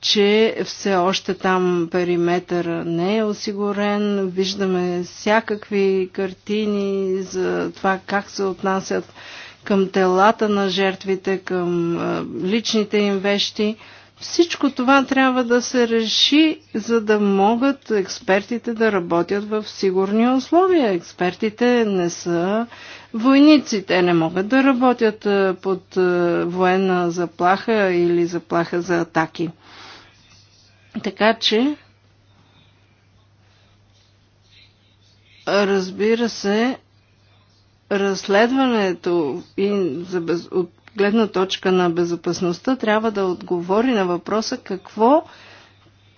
[SPEAKER 3] че все още там периметъра не е осигурен. Виждаме всякакви картини за това как се отнасят към телата на жертвите, към личните им вещи. Всичко това трябва да се реши, за да могат експертите да работят в сигурни условия. Експертите не са войници, те не могат да работят под военна заплаха или заплаха за атаки. Така че, разбира се, разследването и за без, от гледна точка на безопасността трябва да отговори на въпроса какво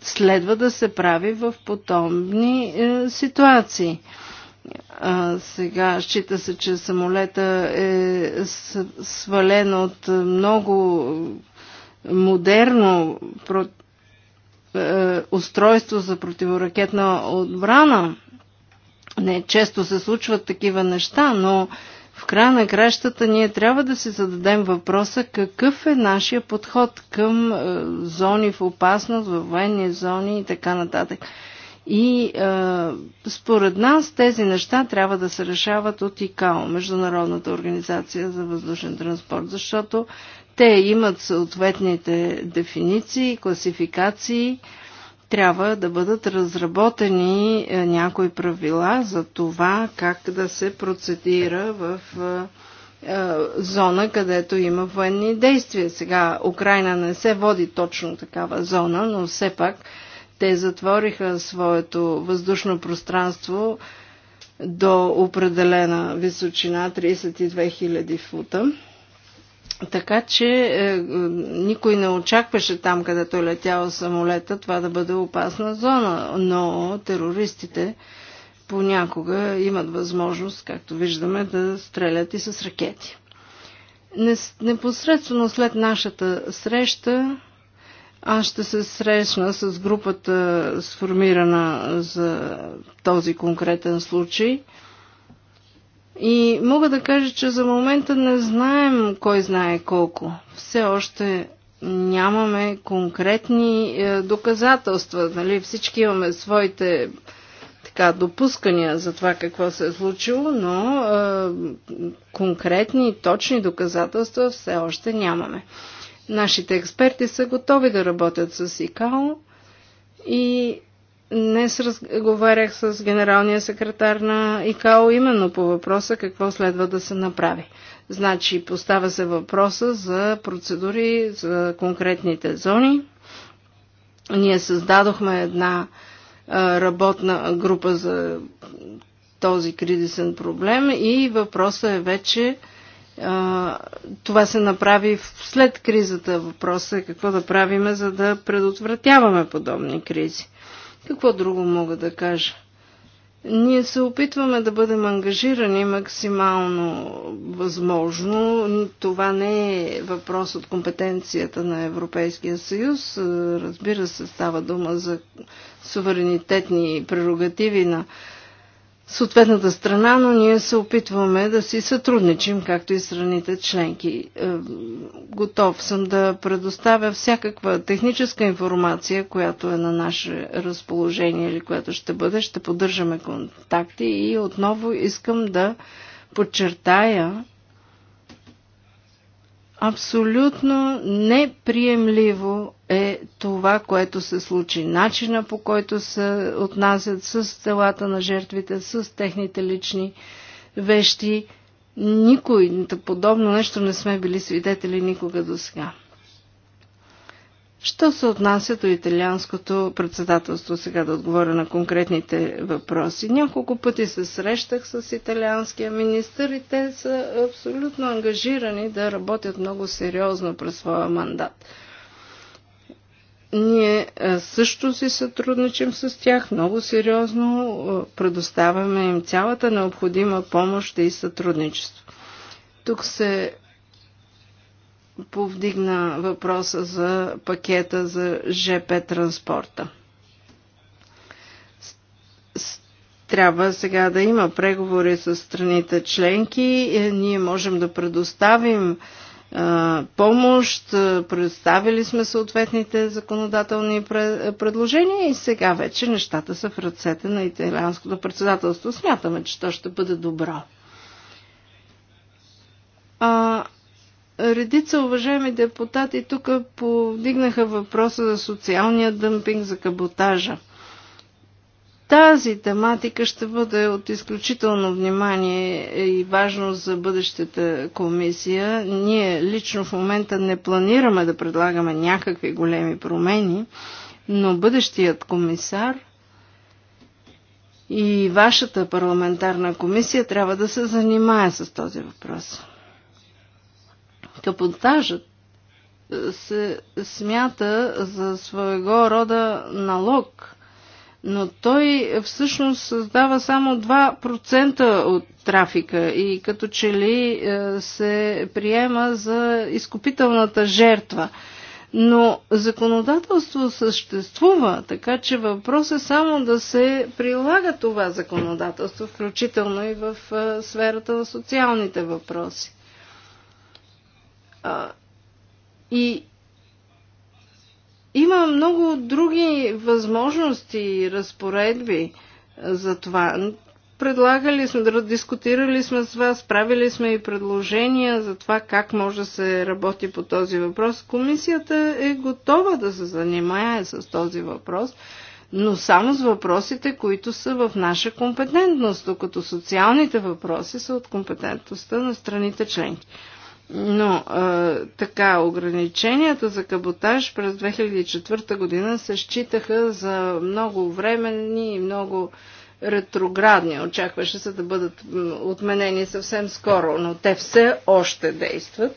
[SPEAKER 3] следва да се прави в потомни е, ситуации. А, сега счита се, че самолета е свален от много модерно е, устройство за противоракетна отбрана. Не често се случват такива неща, но в края на кращата ние трябва да си зададем въпроса какъв е нашия подход към е, зони в опасност, във военни зони и така нататък. И е, според нас тези неща трябва да се решават от ИКАО, Международната организация за въздушен транспорт, защото те имат съответните дефиниции, класификации. Трябва да бъдат разработени е, някои правила за това как да се процедира в е, е, зона, където има военни действия. Сега Украина не се води точно такава зона, но все пак те затвориха своето въздушно пространство до определена височина 32 000 фута. Така че е, е, никой не очакваше там, където е летял самолета, това да бъде опасна зона, но терористите понякога имат възможност, както виждаме, да стрелят и с ракети. Непосредствено след нашата среща аз ще се срещна с групата сформирана за този конкретен случай – и мога да кажа, че за момента не знаем кой знае колко. Все още нямаме конкретни е, доказателства. Нали? Всички имаме своите така, допускания за това какво се е случило, но е, конкретни и точни доказателства все още нямаме. Нашите експерти са готови да работят с ИКАО и Днес разговарях с генералния секретар на ИКАО именно по въпроса какво следва да се направи. Значи поставя се въпроса за процедури, за конкретните зони. Ние създадохме една работна група за този кризисен проблем и въпросът е вече това се направи след кризата. Въпросът е какво да правиме, за да предотвратяваме подобни кризи. Какво друго мога да кажа? Ние се опитваме да бъдем ангажирани максимално възможно. Това не е въпрос от компетенцията на Европейския съюз. Разбира се, става дума за суверенитетни прерогативи на съответната страна, но ние се опитваме да си сътрудничим, както и страните членки. Е, готов съм да предоставя всякаква техническа информация, която е на наше разположение или която ще бъде. Ще поддържаме контакти и отново искам да подчертая, Абсолютно неприемливо е това, което се случи. Начина по който се отнасят с телата на жертвите, с техните лични вещи. Никой, подобно нещо не сме били свидетели никога до сега. Що се отнася до италианското председателство, сега да отговоря на конкретните въпроси. Няколко пъти се срещах с италианския министр и те са абсолютно ангажирани да работят много сериозно през своя мандат. Ние също си сътрудничим с тях много сериозно, предоставяме им цялата необходима помощ и сътрудничество. Тук се повдигна въпроса за пакета за ЖП транспорта. Трябва сега да има преговори с страните членки. Е, ние можем да предоставим помощ, представили сме съответните законодателни предложения и сега вече нещата са в ръцете на италианското председателство. Смятаме, че то ще бъде добро. А, Редица уважаеми депутати тук повдигнаха въпроса за социалния дъмпинг, за каботажа. Тази тематика ще бъде от изключително внимание и важно за бъдещата комисия. Ние лично в момента не планираме да предлагаме някакви големи промени, но бъдещият комисар и вашата парламентарна комисия трябва да се занимае с този въпрос. Капонтажът е, се смята за своего рода налог, но той всъщност създава само 2% от трафика и като че ли е, се приема за изкупителната жертва. Но законодателство съществува, така че въпрос е само да се прилага това законодателство, включително и в е, сферата на социалните въпроси. А, и има много други възможности и разпоредби за това. Предлагали сме, дискутирали сме с вас, правили сме и предложения за това как може да се работи по този въпрос. Комисията е готова да се занимае с този въпрос, но само с въпросите, които са в наша компетентност, докато социалните въпроси са от компетентността на страните членки. Но а, така, ограниченията за каботаж през 2004 година се считаха за много временни и много ретроградни. Очакваше се да бъдат отменени съвсем скоро, но те все още действат.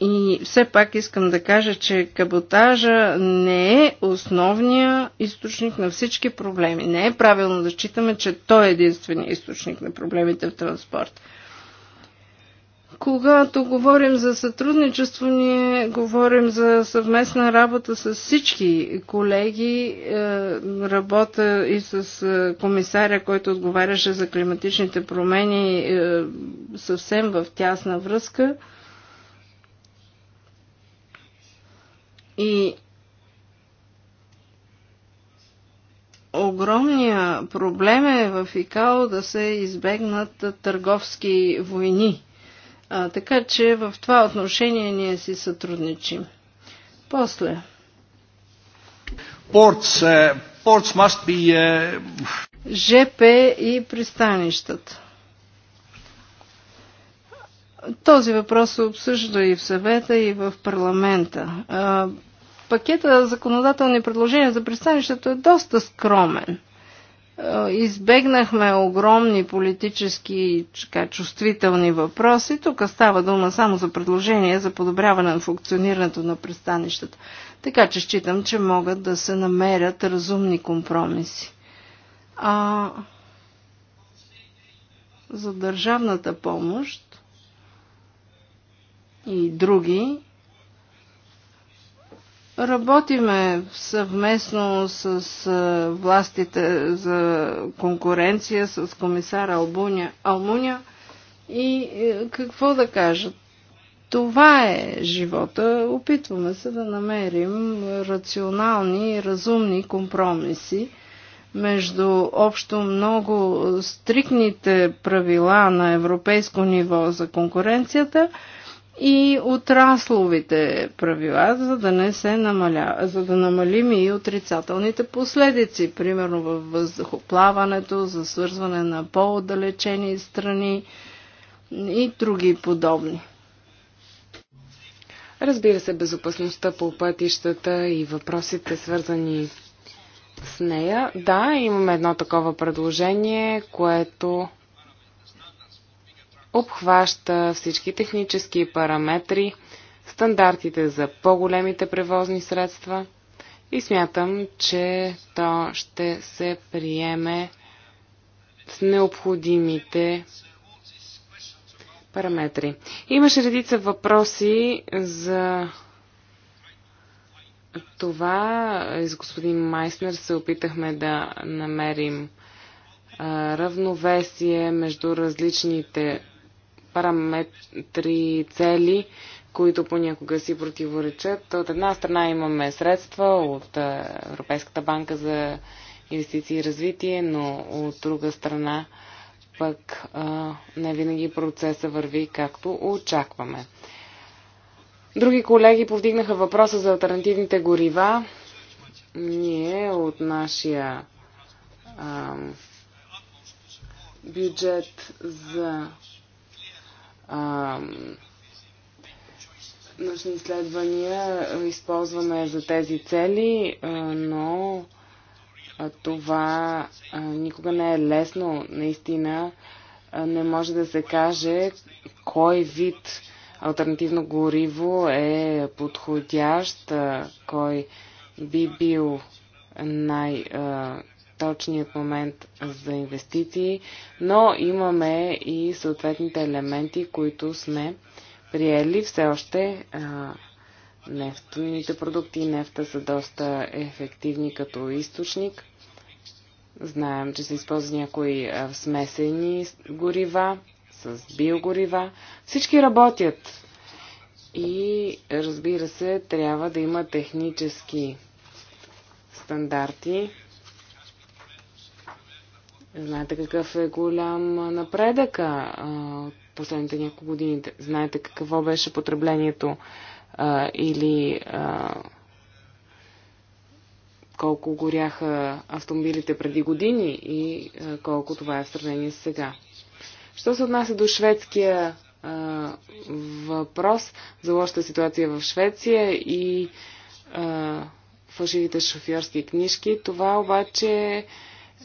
[SPEAKER 3] И все пак искам да кажа, че каботажа не е основния източник на всички проблеми. Не е правилно да считаме, че той е единствения източник на проблемите в транспорта. Когато говорим за сътрудничество, ние говорим за съвместна работа с всички колеги. Е, работа и с е, комисаря, който отговаряше за климатичните промени е, съвсем в тясна връзка. И огромния проблем е в ИКАО да се избегнат търговски войни. А, така че в това отношение ние си сътрудничим. После. Ports, uh, ports must be, uh... Е, ЖП и пристанищата. Този въпрос се обсъжда и в съвета, и в парламента. А, пакета законодателни предложения за пристанището е доста скромен – е, избегнахме огромни политически така, чувствителни въпроси. Тук става дума само за предложение за подобряване на функционирането на пристанищата. Така че считам, че могат да се намерят разумни компромиси. А за държавната помощ и други Работиме съвместно с властите за конкуренция, с комисар Албуня, Алмуня и е, какво да кажа? Това е живота. Опитваме се да намерим рационални и разумни компромиси между общо много стрикните правила на европейско ниво за конкуренцията – и отрасловите правила, за да не се намаля, за да намалим и отрицателните последици, примерно във въздухоплаването, за свързване на по-отдалечени страни и други подобни.
[SPEAKER 4] Разбира се, безопасността по пътищата и въпросите свързани с нея. Да, имаме едно такова предложение, което обхваща всички технически параметри, стандартите за по-големите превозни средства и смятам, че то ще се приеме с необходимите параметри. Имаше редица въпроси за това. С господин Майснер се опитахме да намерим равновесие между различните параметри, цели, които понякога си противоречат. От една страна имаме средства от е, Европейската банка за инвестиции и развитие, но от друга страна пък е, не винаги процеса върви както очакваме. Други колеги повдигнаха въпроса за альтернативните горива. Ние от нашия а, бюджет за а, научни изследвания използваме за тези цели, а, но а, това а, никога не е лесно. Наистина а, не може да се каже кой вид альтернативно гориво е подходящ, а, кой би бил най- а, точният момент за инвестиции, но имаме и съответните елементи, които сме приели все още. А, продукти и нефта са доста ефективни като източник. Знаем, че се използват някои смесени горива с биогорива. Всички работят. И разбира се, трябва да има технически стандарти, Знаете какъв е голям напредък от последните няколко години. Знаете какво беше потреблението а, или а, колко горяха автомобилите преди години и а, колко това е в сравнение с сега. Що се отнася до шведския а, въпрос за лошата ситуация в Швеция и а, фалшивите шофьорски книжки, това обаче е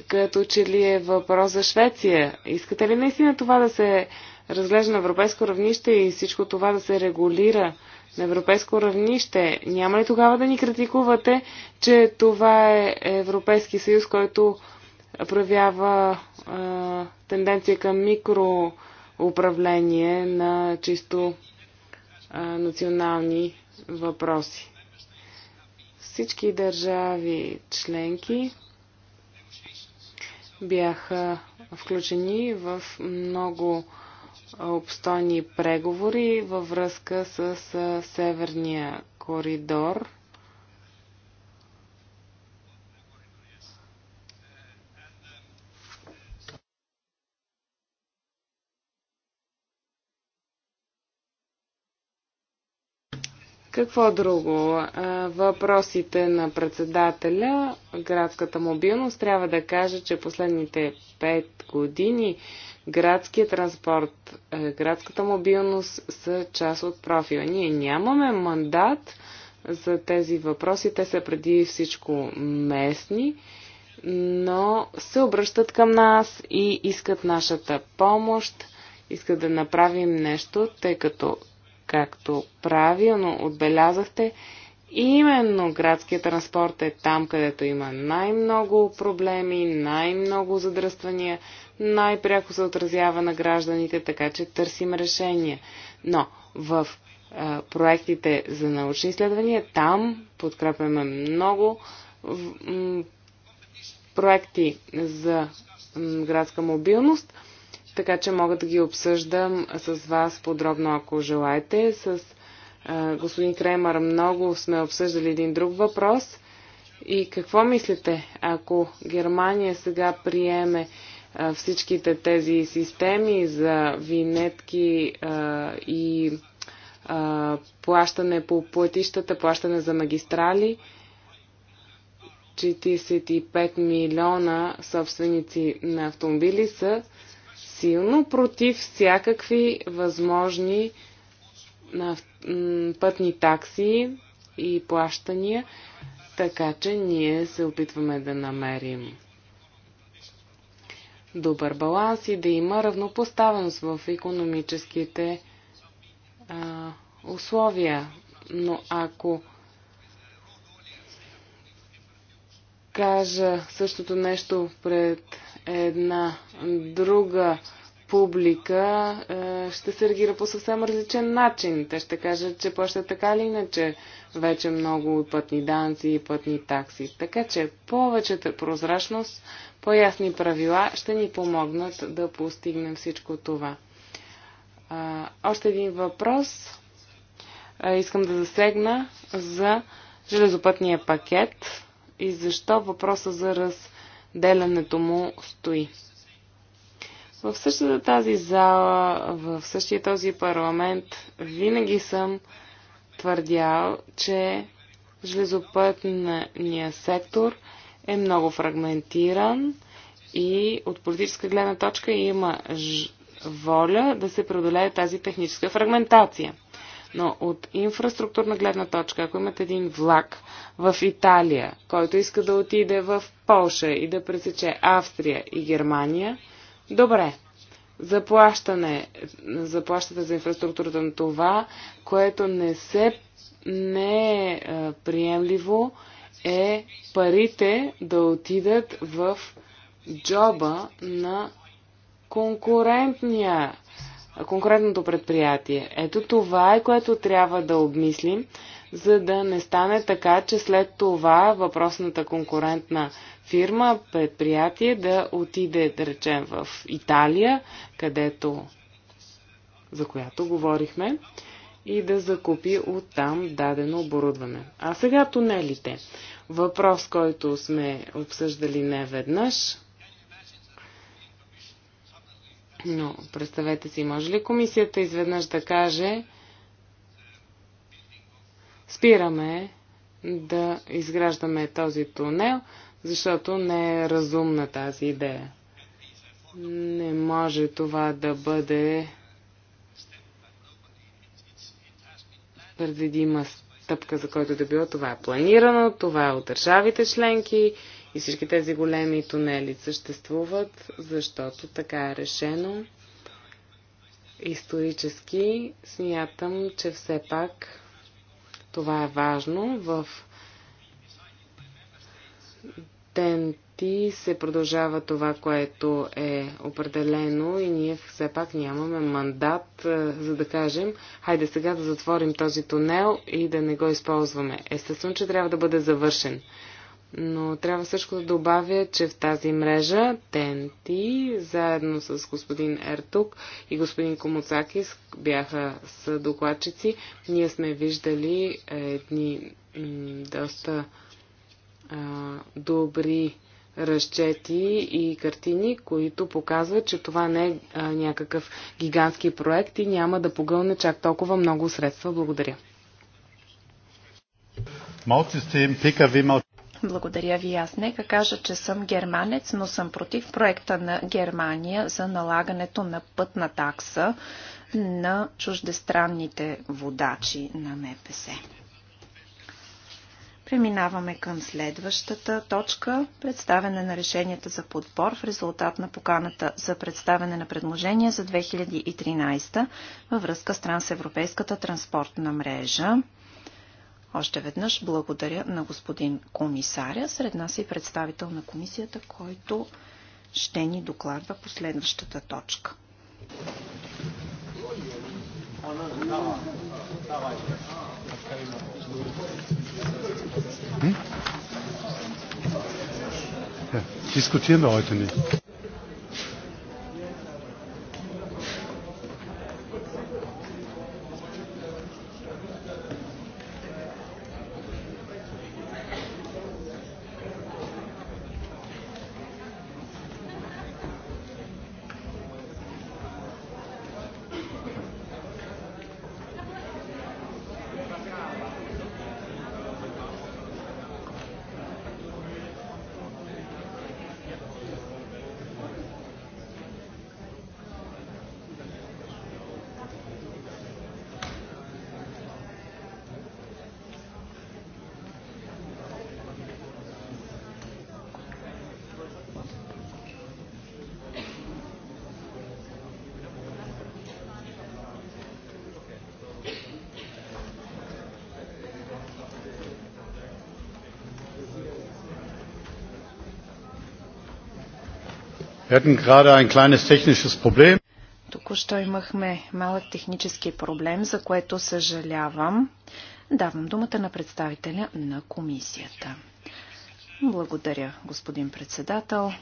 [SPEAKER 4] като че ли е въпрос за Швеция. Искате ли наистина това да се разглежда на европейско равнище и всичко това да се регулира на европейско равнище? Няма ли тогава да ни критикувате, че това е Европейски съюз, който проявява е, тенденция към микроуправление на чисто е, национални въпроси? Всички държави членки бяха включени в много обстойни преговори във връзка с Северния коридор – Какво друго? Въпросите на председателя, градската мобилност, трябва да кажа, че последните 5 години градският транспорт, градската мобилност са част от профила. Ние нямаме мандат за тези въпроси, те са преди всичко местни, но се обръщат към нас и искат нашата помощ, искат да направим нещо, тъй като Както правилно отбелязахте, именно градският транспорт е там, където има най-много проблеми, най-много задръствания, най-пряко се отразява на гражданите, така че търсим решения. Но в а, е, проектите за научни изследвания, там подкрепяме много в, м, проекти за м, градска мобилност – така че мога да ги обсъждам с вас подробно, ако желаете. С а, господин Кремър много сме обсъждали един друг въпрос. И какво мислите, ако Германия сега приеме а, всичките тези системи за винетки а, и а, плащане по платищата, плащане за магистрали? 45 милиона собственици на автомобили са силно против всякакви възможни пътни такси и плащания, така че ние се опитваме да намерим добър баланс и да има равнопоставеност в економическите а, условия. Но ако кажа същото нещо пред една друга публика, е, ще се реагира по съвсем различен начин. Те ще кажат, че плащат така или иначе вече много пътни данци и пътни такси. Така че повечето прозрачност, по-ясни правила ще ни помогнат да постигнем всичко това. А, още един въпрос а, искам да засегна за железопътния пакет и защо въпроса за разделянето му стои. В същата тази зала, в същия този парламент, винаги съм твърдял, че железопътния сектор е много фрагментиран и от политическа гледна точка има воля да се преодолее тази техническа фрагментация. Но от инфраструктурна гледна точка, ако имате един влак в Италия, който иска да отиде в Полша и да пресече Австрия и Германия, добре, заплащане, заплащате за инфраструктурата на това, което не, се, не е, е приемливо, е парите да отидат в джоба на конкурентния конкретното предприятие. Ето това е което трябва да обмислим, за да не стане така, че след това въпросната конкурентна фирма, предприятие да отиде, да речем, в Италия, където за която говорихме, и да закупи оттам дадено оборудване. А сега тунелите. Въпрос, който сме обсъждали не веднъж – но представете си, може ли комисията изведнъж да каже спираме да изграждаме този тунел, защото не е разумна тази идея. Не може това да бъде предвидима стъпка, за който да било. Това е планирано, това е от държавите членки и всички тези големи тунели съществуват, защото така е решено. Исторически смятам, че все пак това е важно. В ТНТ се продължава това, което е определено и ние все пак нямаме мандат, е, за да кажем, хайде сега да затворим този тунел и да не го използваме. Естествено, че трябва да бъде завършен. Но трябва също да добавя, че в тази мрежа ТНТ, заедно с господин Ертук и господин Комоцакис бяха с докладчици. Ние сме виждали едни доста а, добри разчети и картини, които показват, че това не е а, някакъв гигантски проект и няма да погълне чак толкова много средства. Благодаря.
[SPEAKER 1] Малтсистем, малци.
[SPEAKER 2] Благодаря ви аз. Нека кажа, че съм германец, но съм против проекта на Германия за налагането на пътна такса на чуждестранните водачи на МПС. Преминаваме към следващата точка – представяне на решенията за подбор в резултат на поканата за представяне на предложения за 2013 във връзка с трансевропейската транспортна мрежа. Още веднъж благодаря на господин комисаря. Сред нас е представител на комисията, който ще ни докладва последващата точка.
[SPEAKER 1] Е, дискутираме ойто ни.
[SPEAKER 2] Току-що имахме малък технически проблем, за което съжалявам. Давам думата на представителя на комисията. Благодаря, господин председател.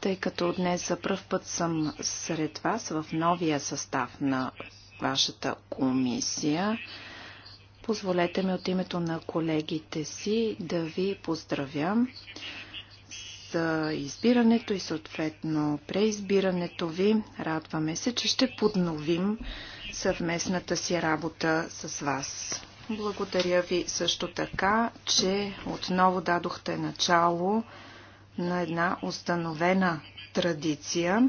[SPEAKER 2] Тъй като днес за пръв път съм сред вас в новия състав на вашата комисия, позволете ми от името на колегите си да ви поздравя за избирането и съответно преизбирането ви. Радваме се, че ще подновим съвместната си работа с вас. Благодаря ви също така, че отново дадохте начало на една установена традиция.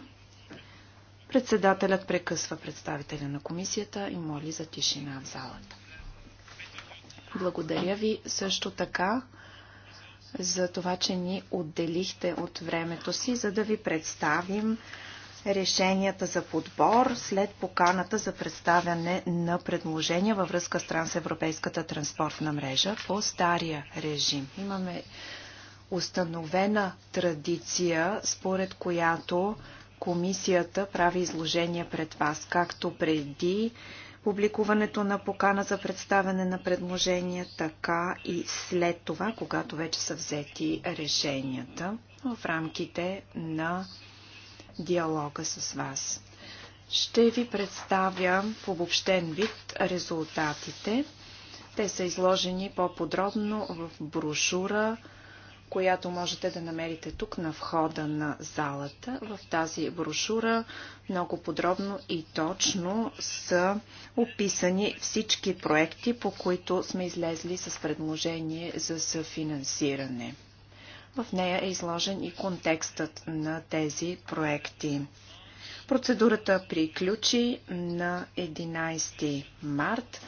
[SPEAKER 2] Председателят прекъсва представителя на комисията и моли за тишина в залата. Благодаря ви също така за това, че ни отделихте от времето си, за да ви представим решенията за подбор след поканата за представяне на предложения във връзка с трансевропейската транспортна мрежа по стария режим. Имаме установена традиция, според която комисията прави изложение пред вас, както преди публикуването на покана за представяне на предложения, така и след това, когато вече са взети решенията в рамките на диалога с вас. Ще ви представя в обобщен вид резултатите. Те са изложени по-подробно в брошура която можете да намерите тук на входа на залата. В тази брошура много подробно и точно са описани всички проекти, по които сме излезли с предложение за съфинансиране. В нея е изложен и контекстът на тези проекти. Процедурата приключи на 11 март.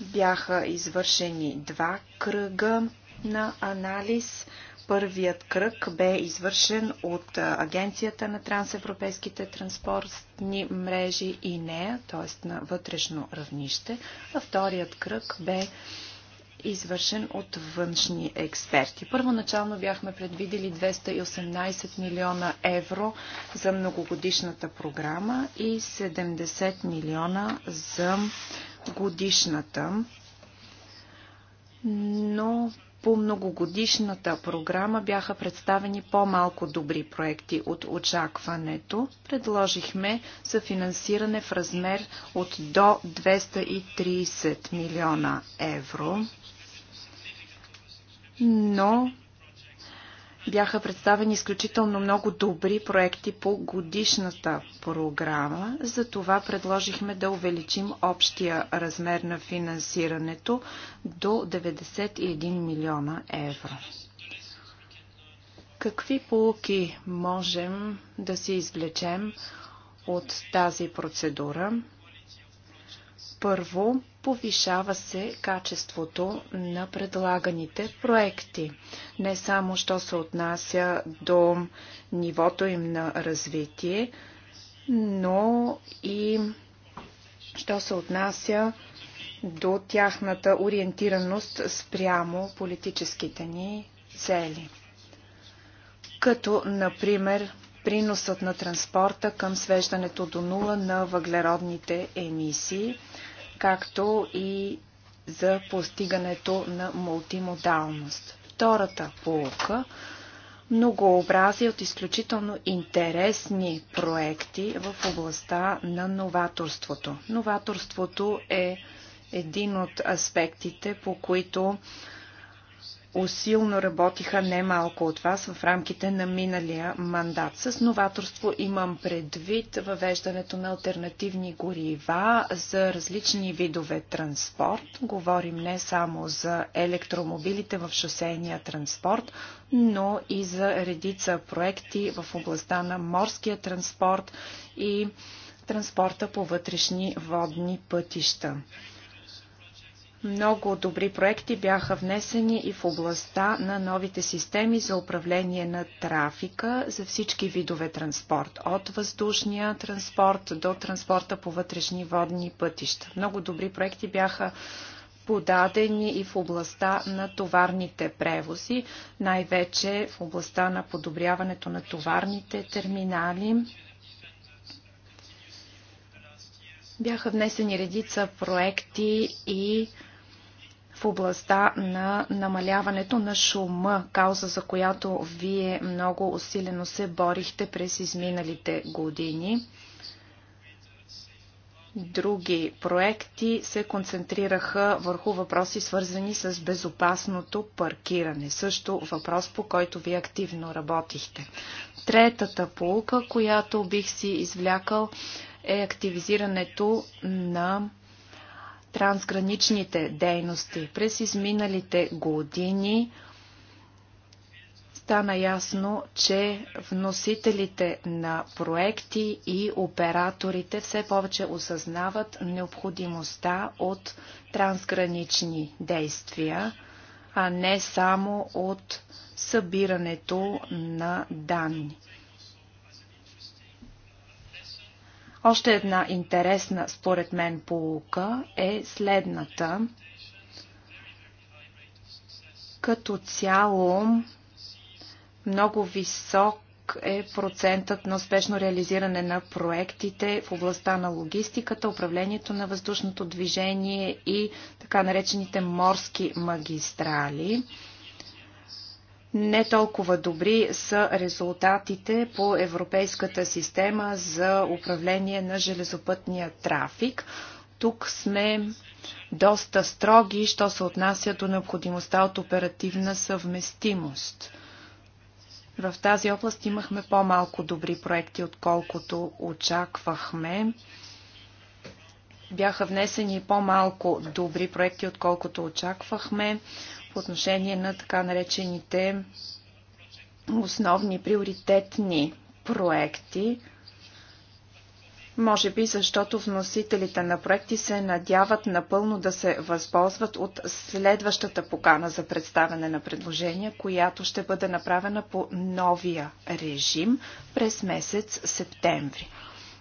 [SPEAKER 2] Бяха извършени два кръга на анализ. Първият кръг бе извършен от Агенцията на трансевропейските транспортни мрежи и нея, т.е. на вътрешно равнище, а вторият кръг бе извършен от външни експерти. Първоначално бяхме предвидели 218 милиона евро за многогодишната програма и 70 милиона за годишната. Но по многогодишната програма бяха представени по-малко добри проекти от очакването. Предложихме съфинансиране в размер от до 230 милиона евро, но бяха представени изключително много добри проекти по годишната програма. Затова предложихме да увеличим общия размер на финансирането до 91 милиона евро. Какви полуки можем да си извлечем от тази
[SPEAKER 3] процедура?
[SPEAKER 2] Първо, повишава се качеството на предлаганите проекти. Не само, що се отнася до нивото им на развитие, но и що се отнася до тяхната ориентираност спрямо политическите ни цели. Като, например, приносът на транспорта към свеждането до нула на въглеродните емисии – както и за постигането на мултимодалност. Втората полука многообразие от изключително интересни проекти в областта на новаторството. Новаторството е един от аспектите, по които усилно работиха немалко от вас в рамките на миналия мандат. С новаторство имам предвид въвеждането на альтернативни горива за различни видове транспорт. Говорим не само за електромобилите в шосейния транспорт, но и за редица проекти в областта на морския транспорт и транспорта по вътрешни водни пътища. Много добри проекти бяха внесени и в областта на новите системи за управление на трафика за всички видове транспорт, от въздушния транспорт до транспорта по вътрешни водни пътища. Много добри проекти бяха подадени и в областта на товарните превози, най-вече в областта на подобряването на товарните терминали. Бяха внесени редица проекти и в областта на намаляването на шума, кауза за която вие много усилено се борихте през изминалите години. Други проекти се концентрираха върху въпроси свързани с безопасното паркиране. Също въпрос, по който вие активно
[SPEAKER 1] работихте.
[SPEAKER 2] Третата полука, която бих си извлякал е активизирането на трансграничните дейности. През изминалите години стана ясно, че вносителите на проекти и операторите все повече осъзнават необходимостта от трансгранични действия, а не само от събирането на данни. Още една интересна, според мен, полука е следната. Като цяло, много висок е процентът на успешно реализиране на проектите в областта на логистиката, управлението на въздушното движение и така наречените морски магистрали. Не толкова добри са резултатите по Европейската система за управление на железопътния трафик. Тук сме доста строги, що се отнася до необходимостта от оперативна съвместимост. В тази област имахме по-малко добри проекти, отколкото очаквахме. Бяха внесени по-малко добри проекти, отколкото очаквахме по отношение на така наречените основни приоритетни проекти. Може би защото вносителите на проекти се надяват напълно да се възползват от следващата покана за представяне на предложения, която ще бъде направена по новия режим през месец септември.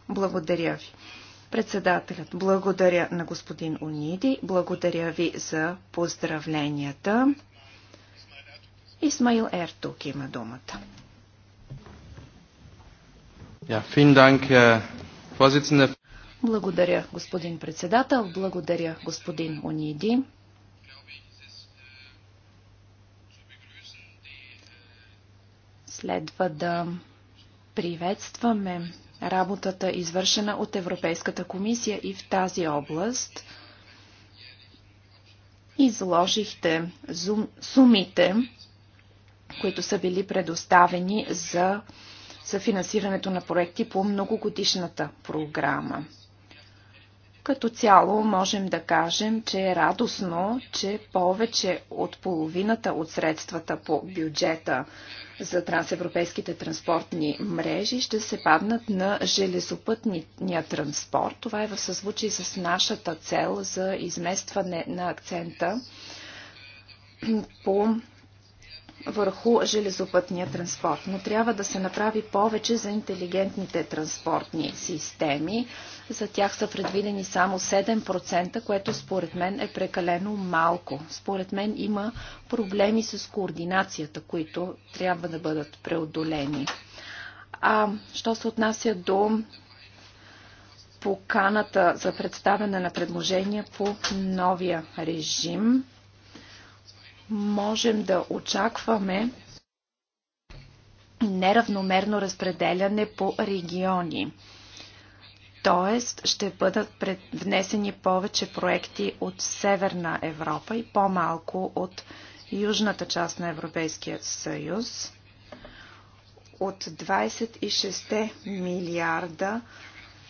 [SPEAKER 2] Благодаря ви. Председателят, благодаря на господин Униди, благодаря ви за поздравленията. Исмаил Ер тук има думата. благодаря, господин председател, благодаря, господин Униди. Следва да приветстваме работата, извършена от Европейската комисия и в тази област. Изложихте сумите, които са били предоставени за, съфинансирането финансирането на проекти по многогодишната програма. Като цяло можем да кажем, че е радостно, че повече от половината от средствата по бюджета за трансевропейските транспортни мрежи ще се паднат на железопътния транспорт. Това е в съзвучие с нашата цел за изместване на акцента по върху железопътния транспорт, но трябва да се направи повече за интелигентните транспортни системи. За тях са предвидени само 7%, което според мен е прекалено малко. Според мен има проблеми с координацията, които трябва да бъдат преодолени. А що се отнася до поканата за представяне на предложения по новия режим, можем да очакваме неравномерно разпределяне по региони. Тоест ще бъдат внесени повече проекти от Северна Европа и по-малко от южната част на Европейския съюз. От 26 милиарда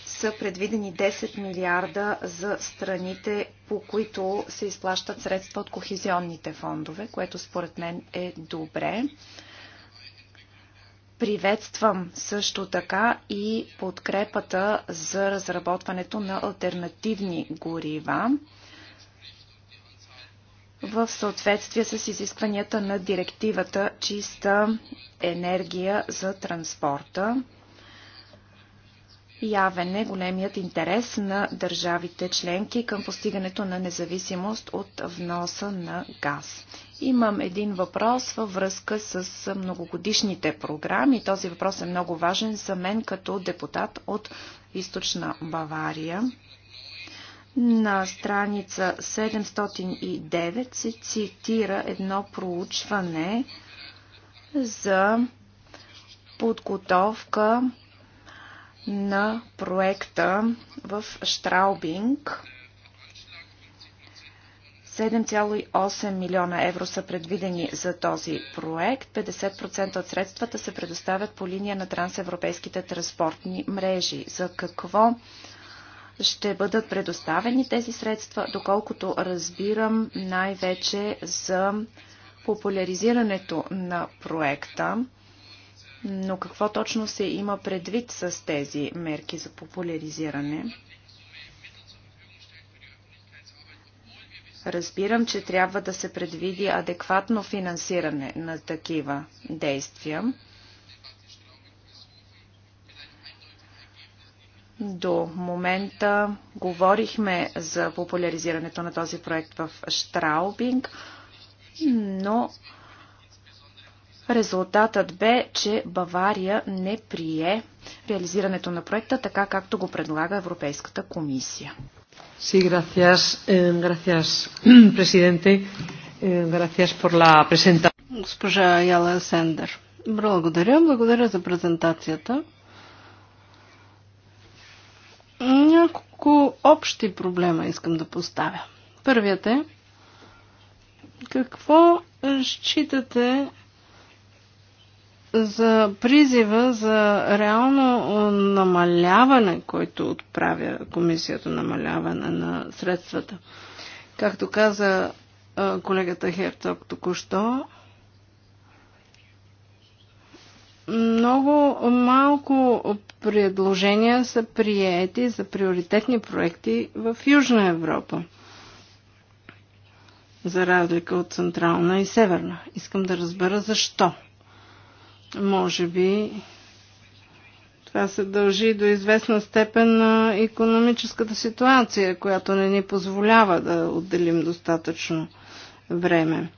[SPEAKER 2] са предвидени 10 милиарда за страните по които се изплащат средства от кохизионните фондове, което според мен е добре. Приветствам също така и подкрепата за разработването на альтернативни горива в съответствие с изискванията на директивата чиста енергия за транспорта. Явен е големият интерес на държавите членки към постигането на независимост от вноса на газ. Имам един въпрос във връзка с многогодишните програми. Този въпрос е много важен за мен като депутат от Източна Бавария. На страница 709 се цитира едно проучване за подготовка на проекта в Штраубинг. 7,8 милиона евро са предвидени за този проект. 50% от средствата се предоставят по линия на трансевропейските транспортни мрежи. За какво ще бъдат предоставени тези средства, доколкото разбирам най-вече за популяризирането на проекта но какво точно се има предвид с тези мерки за популяризиране? Разбирам, че трябва да се предвиди адекватно финансиране на такива действия. До момента говорихме за популяризирането на този проект в Штраубинг, но Резултатът бе, че Бавария не прие реализирането на проекта така, както го предлага Европейската
[SPEAKER 3] комисия. Sí, gracias, eh, gracias, presidente. Eh, gracias por la presentación. Госпожа Яла Сендер. Благодаря, благодаря за презентацията. Няколко общи проблема искам да поставя. Първият е, какво считате за призива за реално намаляване, който отправя комисията намаляване на средствата. Както каза колегата Херцог току-що, много малко предложения са приети за приоритетни проекти в Южна Европа, за разлика от Централна и Северна. Искам да разбера защо. Може би това се дължи до известна степен на економическата ситуация, която не ни позволява да отделим достатъчно време.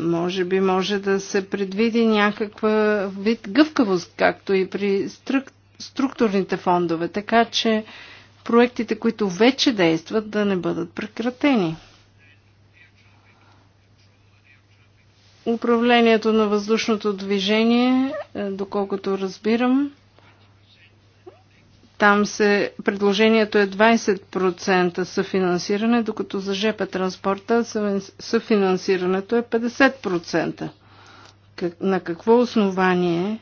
[SPEAKER 3] Може би може да се предвиди някаква вид гъвкавост, както и при струк... структурните фондове, така че проектите, които вече действат, да не бъдат прекратени. управлението на въздушното движение, е, доколкото разбирам, там се предложението е 20% съфинансиране, докато за ЖП транспорта съфинансирането е 50%. На какво основание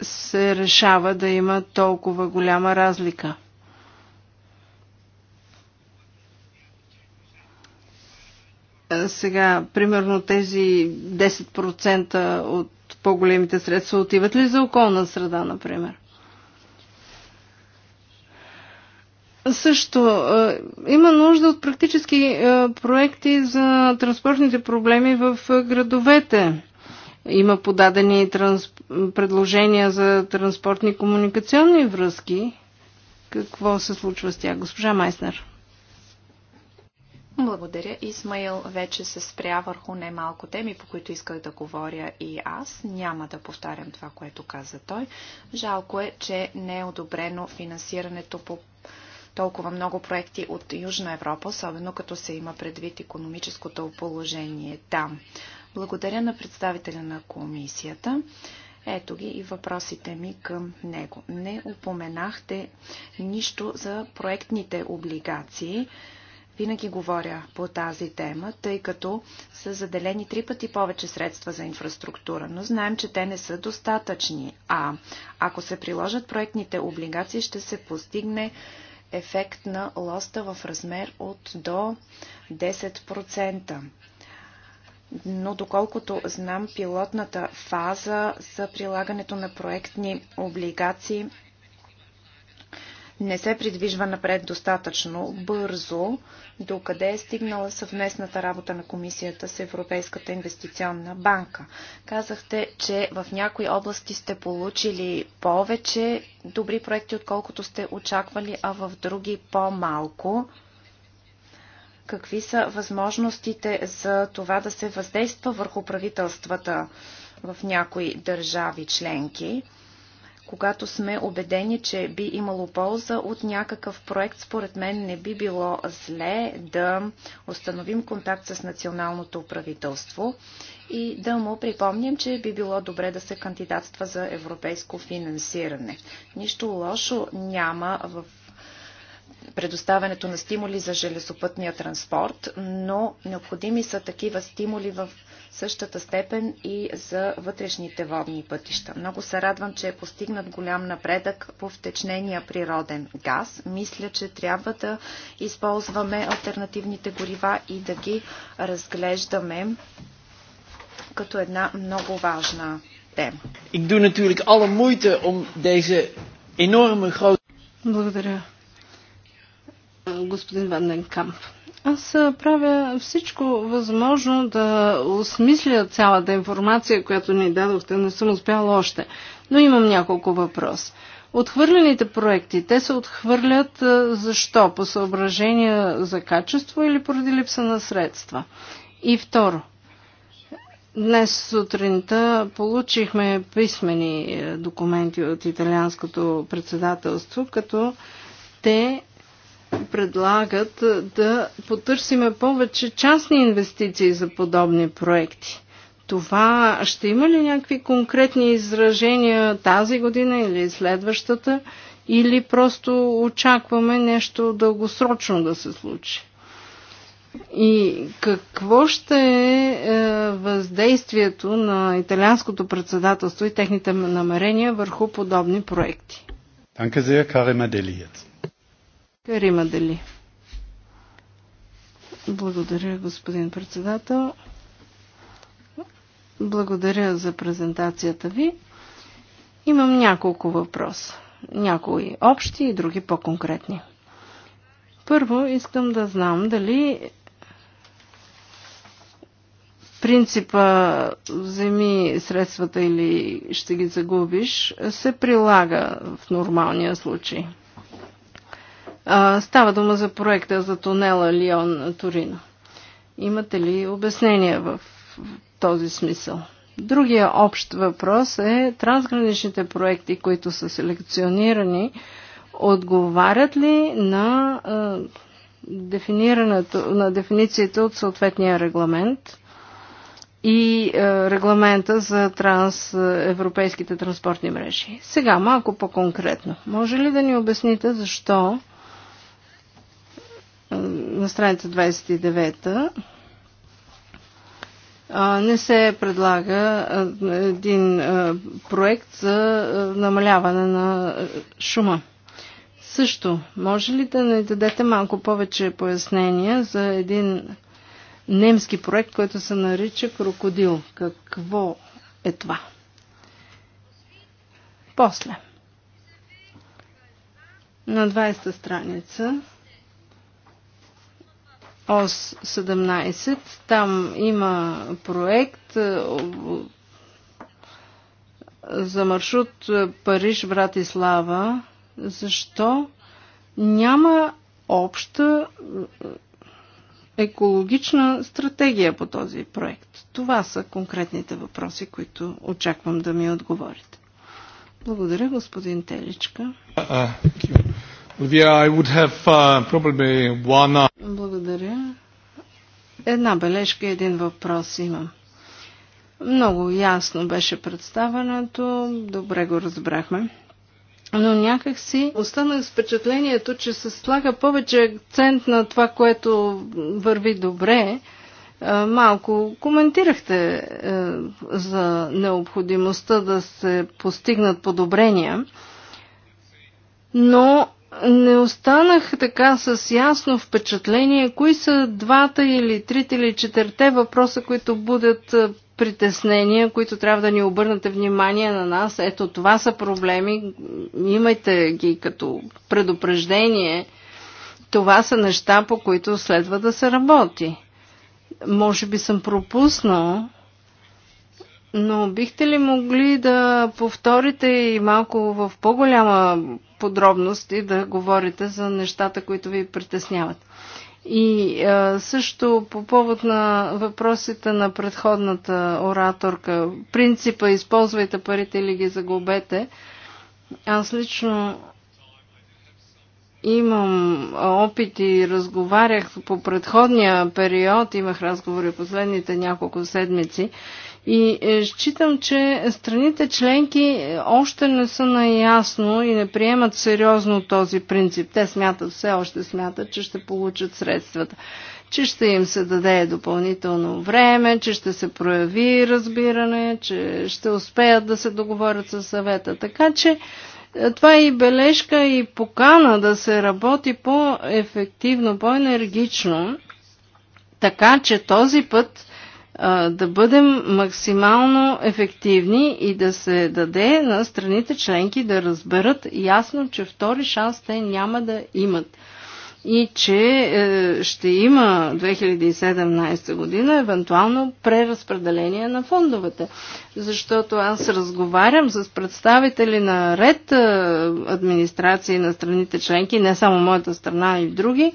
[SPEAKER 3] се решава да има толкова голяма разлика? Сега, примерно тези 10% от по-големите средства отиват ли за околна среда, например? Също има нужда от практически проекти за транспортните проблеми в градовете. Има подадени транс... предложения за транспортни комуникационни връзки. Какво се случва с тях, госпожа Майснер?
[SPEAKER 2] Благодаря. Исмаил вече се спря върху немалко теми, по които исках да говоря и аз. Няма да повтарям това, което каза той. Жалко е, че не е одобрено финансирането по толкова много проекти от Южна Европа, особено като се има предвид економическото положение там. Благодаря на представителя на комисията. Ето ги и въпросите ми към него. Не упоменахте нищо за проектните облигации. Винаги говоря по тази тема, тъй като са заделени три пъти повече средства за инфраструктура, но знаем, че те не са достатъчни. А ако се приложат проектните облигации, ще се постигне ефект на лоста в размер от до 10%. Но доколкото знам, пилотната фаза за прилагането на проектни облигации не се придвижва напред достатъчно бързо, докъде е стигнала съвместната работа на комисията с Европейската инвестиционна банка. Казахте, че в някои области сте получили повече добри проекти, отколкото сте очаквали, а в други по-малко какви са възможностите за това да се въздейства върху правителствата в някои държави членки когато сме убедени, че би имало полза от някакъв проект, според мен не би било зле да установим контакт с националното правителство и да му припомним, че би било добре да се кандидатства за европейско финансиране. Нищо лошо няма в предоставянето на стимули за железопътния транспорт, но необходими са такива стимули в същата степен и за вътрешните водни пътища. Много се радвам, че е постигнат голям напредък по втечнения природен газ. Мисля, че трябва да използваме альтернативните горива и да ги разглеждаме като една много важна
[SPEAKER 3] тема. Ik doe natuurlijk alle moeite om deze enorme grote... Благодаря. Господин Ванденкамп. Камп. Аз правя всичко възможно да осмисля цялата информация, която ни дадохте. Не съм успяла още. Но имам няколко въпрос. Отхвърлените проекти, те се отхвърлят защо? По съображения за качество или поради липса на средства? И второ, днес сутринта получихме писмени документи от италианското председателство, като те предлагат да потърсиме повече частни инвестиции за подобни проекти. Това ще има ли някакви конкретни изражения тази година или следващата, или просто очакваме нещо дългосрочно да се случи? И какво ще е, е въздействието на италианското председателство и техните намерения върху подобни проекти?
[SPEAKER 1] Danke sehr, Karim Adeli jetzt.
[SPEAKER 3] Карима дали. Благодаря, господин председател. Благодаря за презентацията ви. Имам няколко въпроса. Някои общи и други по-конкретни. Първо, искам да знам дали принципа вземи средствата или ще ги загубиш се прилага в нормалния случай. А, става дума за проекта за тунела Лион-Торино. Имате ли обяснения в този смисъл? Другия общ въпрос е трансграничните проекти, които са селекционирани, отговарят ли на, на дефиницията от съответния регламент и регламента за транс, европейските транспортни мрежи? Сега малко по-конкретно. Може ли да ни обясните защо на страница 29 та не се предлага един проект за намаляване на шума. Също, може ли да ни дадете малко повече пояснения за един немски проект, който се нарича Крокодил? Какво е това? После. На 20-та страница ОС 17. Там има проект е, за маршрут е, Париж-Братислава. Защо няма обща е, екологична стратегия по този проект? Това са конкретните въпроси, които очаквам да ми отговорите. Благодаря, господин Теличка.
[SPEAKER 1] Uh, uh,
[SPEAKER 3] Благодаря. Една бележка и един въпрос имам. Много ясно беше представенето, добре го разбрахме. Но някак си останах с впечатлението, че се слага повече акцент на това, което върви добре. Е, малко коментирахте е, за необходимостта да се постигнат подобрения, но не останах така с ясно впечатление, кои са двата или трите или четирте въпроса, които будят притеснения, които трябва да ни обърнете внимание на нас. Ето, това са проблеми, имайте ги като предупреждение. Това са неща, по които следва да се работи. Може би съм пропуснал но бихте ли могли да повторите и малко в по-голяма подробност и да говорите за нещата, които ви притесняват? И а, също по повод на въпросите на предходната ораторка, принципа използвайте парите или ги загубете, аз лично имам опит и разговарях по предходния период, имах разговори последните няколко седмици и е, считам, че страните членки е, още не са наясно и не приемат сериозно този принцип. Те смятат, все още смятат, че ще получат средствата, че ще им се даде допълнително време, че ще се прояви разбиране, че ще успеят да се договорят със съвета. Така че е, това е и бележка и покана да се работи по-ефективно, по-енергично, така че този път да бъдем максимално ефективни и да се даде на страните членки да разберат ясно, че втори шанс те няма да имат и че е, ще има 2017 година евентуално преразпределение на фондовете. Защото аз разговарям с представители на ред е, администрации на страните членки, не само моята страна и други,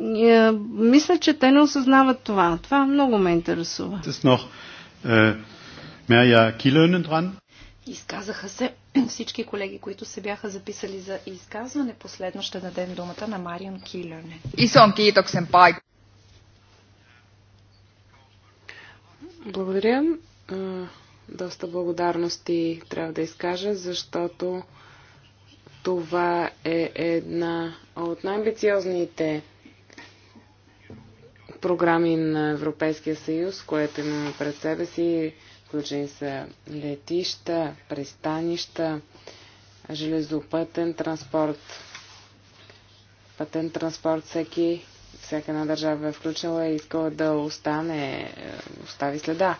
[SPEAKER 3] е, мисля, че те не осъзнават това. Това много ме интересува.
[SPEAKER 1] Е,
[SPEAKER 2] Изказаха се всички колеги, които се бяха записали за изказване. Последно ще дадем думата на Марион Килернен.
[SPEAKER 4] Исон киитоксен пайк. Благодаря. Е, доста благодарности трябва да изкажа, защото това е една от най-амбициозните програми на Европейския съюз, което имаме пред себе си. Включени са летища, пристанища, железопътен транспорт. Пътен транспорт всеки, всяка една държава е включила и искала да остане, е, остави следа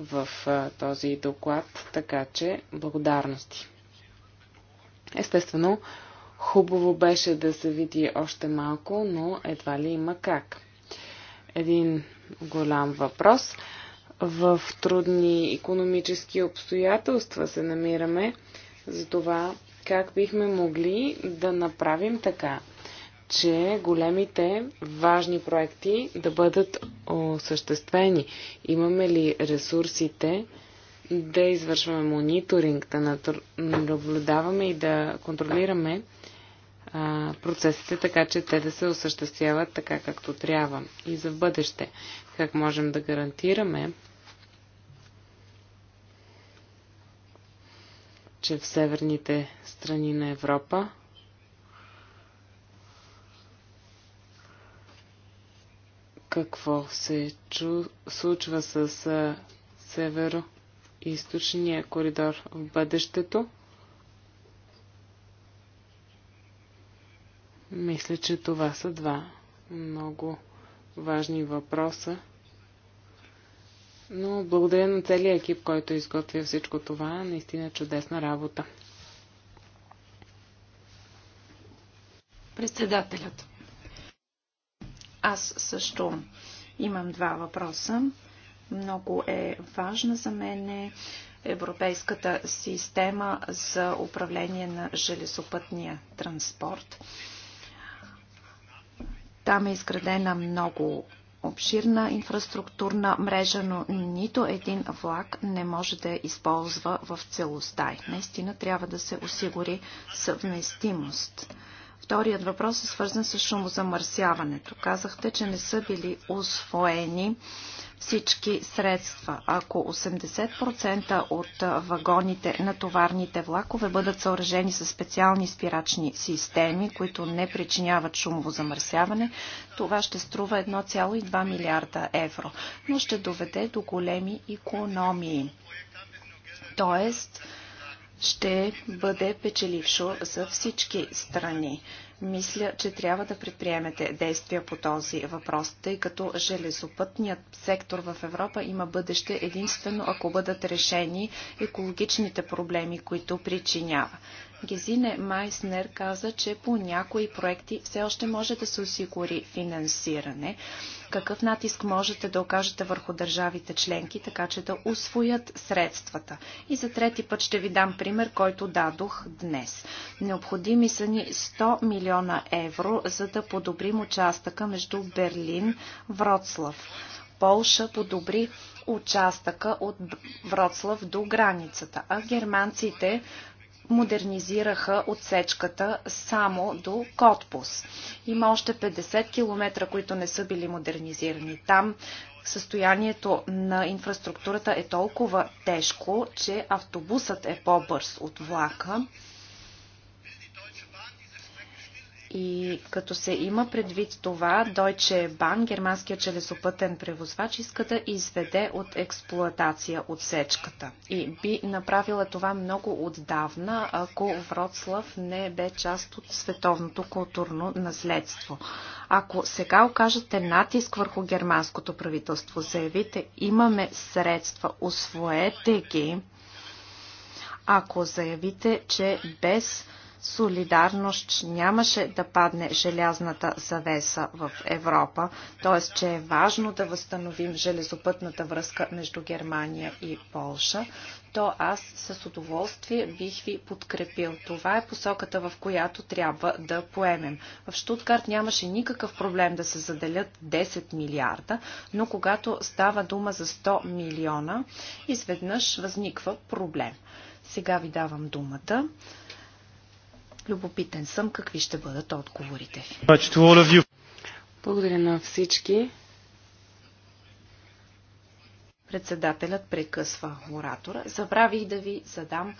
[SPEAKER 4] в е, този доклад, така че благодарности. Естествено, хубаво беше да се види още малко, но едва ли има как един голям въпрос. В трудни економически обстоятелства се намираме за това как бихме могли да направим така, че големите важни проекти да бъдат осъществени. Имаме ли ресурсите да извършваме мониторинг, да наблюдаваме и да контролираме а, процесите, така че те да се осъществяват така както трябва. И за бъдеще, как можем да гарантираме, че в северните страни на Европа какво се чу, случва с северо-источния коридор в бъдещето. Мисля, че това са два много важни въпроса. Но благодаря на целия екип, който изготвя всичко това. Наистина чудесна работа.
[SPEAKER 2] Председателят. Аз също имам два въпроса. Много е важна за мен европейската система за управление на железопътния транспорт. Там е изградена много обширна инфраструктурна мрежа, но нито един влак не може да я използва в целостта. Наистина трябва да се осигури съвместимост. Вторият въпрос е свързан с шумозамърсяването. Казахте, че не са били освоени всички средства. Ако 80% от вагоните на товарните влакове бъдат съоръжени с специални спирачни системи, които не причиняват шумово замърсяване, това ще струва 1,2 милиарда евро, но ще доведе до големи економии. Тоест, ще бъде печелившо за всички страни мисля, че трябва да предприемете действия по този въпрос, тъй като железопътният сектор в Европа има бъдеще единствено ако бъдат решени екологичните проблеми, които причинява. Гезине Майснер каза, че по някои проекти все още може да се осигури финансиране. Какъв натиск можете да окажете върху държавите членки, така че да усвоят средствата? И за трети път ще ви дам пример, който дадох днес. Необходими са ни 100 милиона евро, за да подобрим участъка между Берлин и Вроцлав. Полша подобри участъка от Вроцлав до границата, а германците модернизираха отсечката само до Котпус. Има още 50 км, които не са били модернизирани. Там състоянието на инфраструктурата е толкова тежко, че автобусът е по-бърз от влака. И като се има предвид това, Deutsche Bahn, германският челесопътен превозвач, иска да изведе от експлоатация отсечката. И би направила това много отдавна, ако Вроцлав не бе част от световното културно наследство. Ако сега окажете натиск върху германското правителство, заявите, имаме средства, освоете ги, ако заявите, че без солидарност нямаше да падне желязната завеса в Европа, т.е. че е важно да възстановим железопътната връзка между Германия и Полша, то аз с удоволствие бих ви подкрепил. Това е посоката, в която трябва да поемем. В Штуткарт нямаше никакъв проблем да се заделят 10 милиарда, но когато става дума за 100 милиона, изведнъж възниква проблем. Сега ви давам думата Любопитен съм какви ще бъдат отговорите
[SPEAKER 1] ви.
[SPEAKER 2] Благодаря на всички. Председателят прекъсва оратора. Забравих да ви задам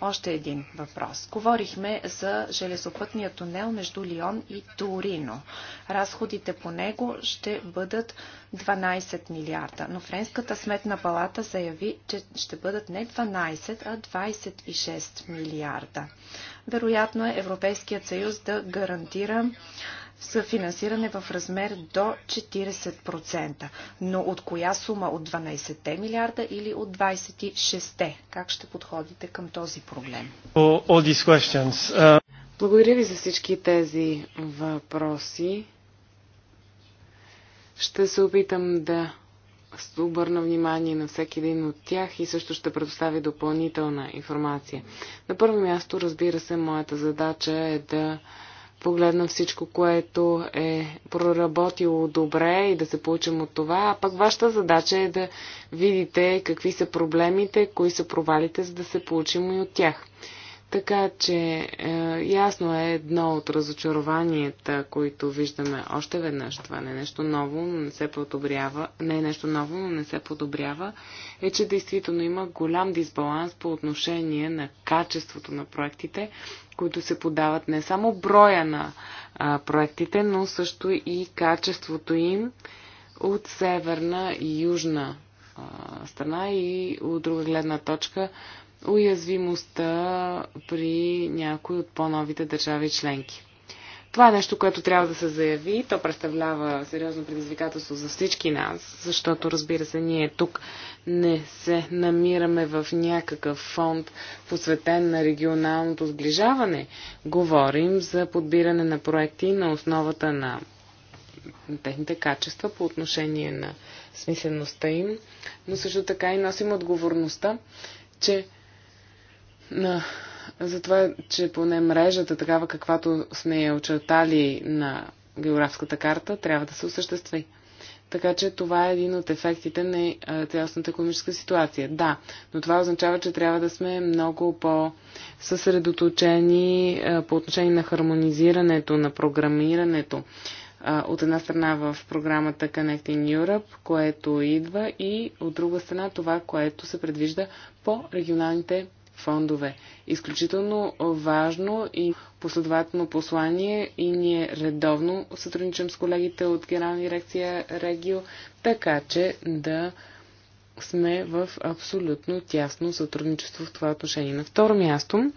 [SPEAKER 2] още един въпрос. Говорихме за железопътния тунел между Лион и Торино. Разходите по него ще бъдат 12 милиарда, но Френската сметна палата заяви, че ще бъдат не 12, а 26 милиарда. Вероятно е Европейският съюз да гарантира съфинансиране в размер до 40%. Но от коя сума? От 12 милиарда или от 26? Как ще подходите
[SPEAKER 4] към този проблем?
[SPEAKER 1] Uh,
[SPEAKER 4] Благодаря ви за всички тези въпроси. Ще се опитам да обърна внимание на всеки един от тях и също ще предостави допълнителна информация. На първо място, разбира се, моята задача е да погледна всичко, което е проработило добре и да се получим от това, а пък вашата задача е да видите какви са проблемите, кои са провалите, за да се получим и от тях. Така че е, ясно е едно от разочарованията, които виждаме още веднъж. Това не е нещо ново, но не се подобрява. Не е нещо ново, но не се подобрява. Е, че действително има голям дисбаланс по отношение на качеството на проектите, които се подават не само броя на а, проектите, но също и качеството им от северна и южна а, страна и от друга гледна точка уязвимостта при някои от по-новите държави членки. Това е нещо, което трябва да се заяви. То представлява сериозно предизвикателство за всички нас, защото, разбира се, ние тук не се намираме в някакъв фонд, посветен на регионалното сближаване. Говорим за подбиране на проекти на основата на техните качества по отношение на смислеността им, но също така и носим отговорността, че на за това, че поне мрежата, такава каквато сме я очертали на географската карта, трябва да се осъществи. Така че това е един от ефектите на цялостната економическа ситуация. Да, но това означава, че трябва да сме много по-съсредоточени по отношение на хармонизирането, на програмирането. От една страна в програмата Connecting Europe, което идва, и от друга страна това, което се предвижда по регионалните фондове. Изключително важно и последователно послание и ние редовно сътрудничам с колегите от Генерална дирекция Регио, така че да сме в абсолютно тясно сътрудничество в това отношение. На второ място,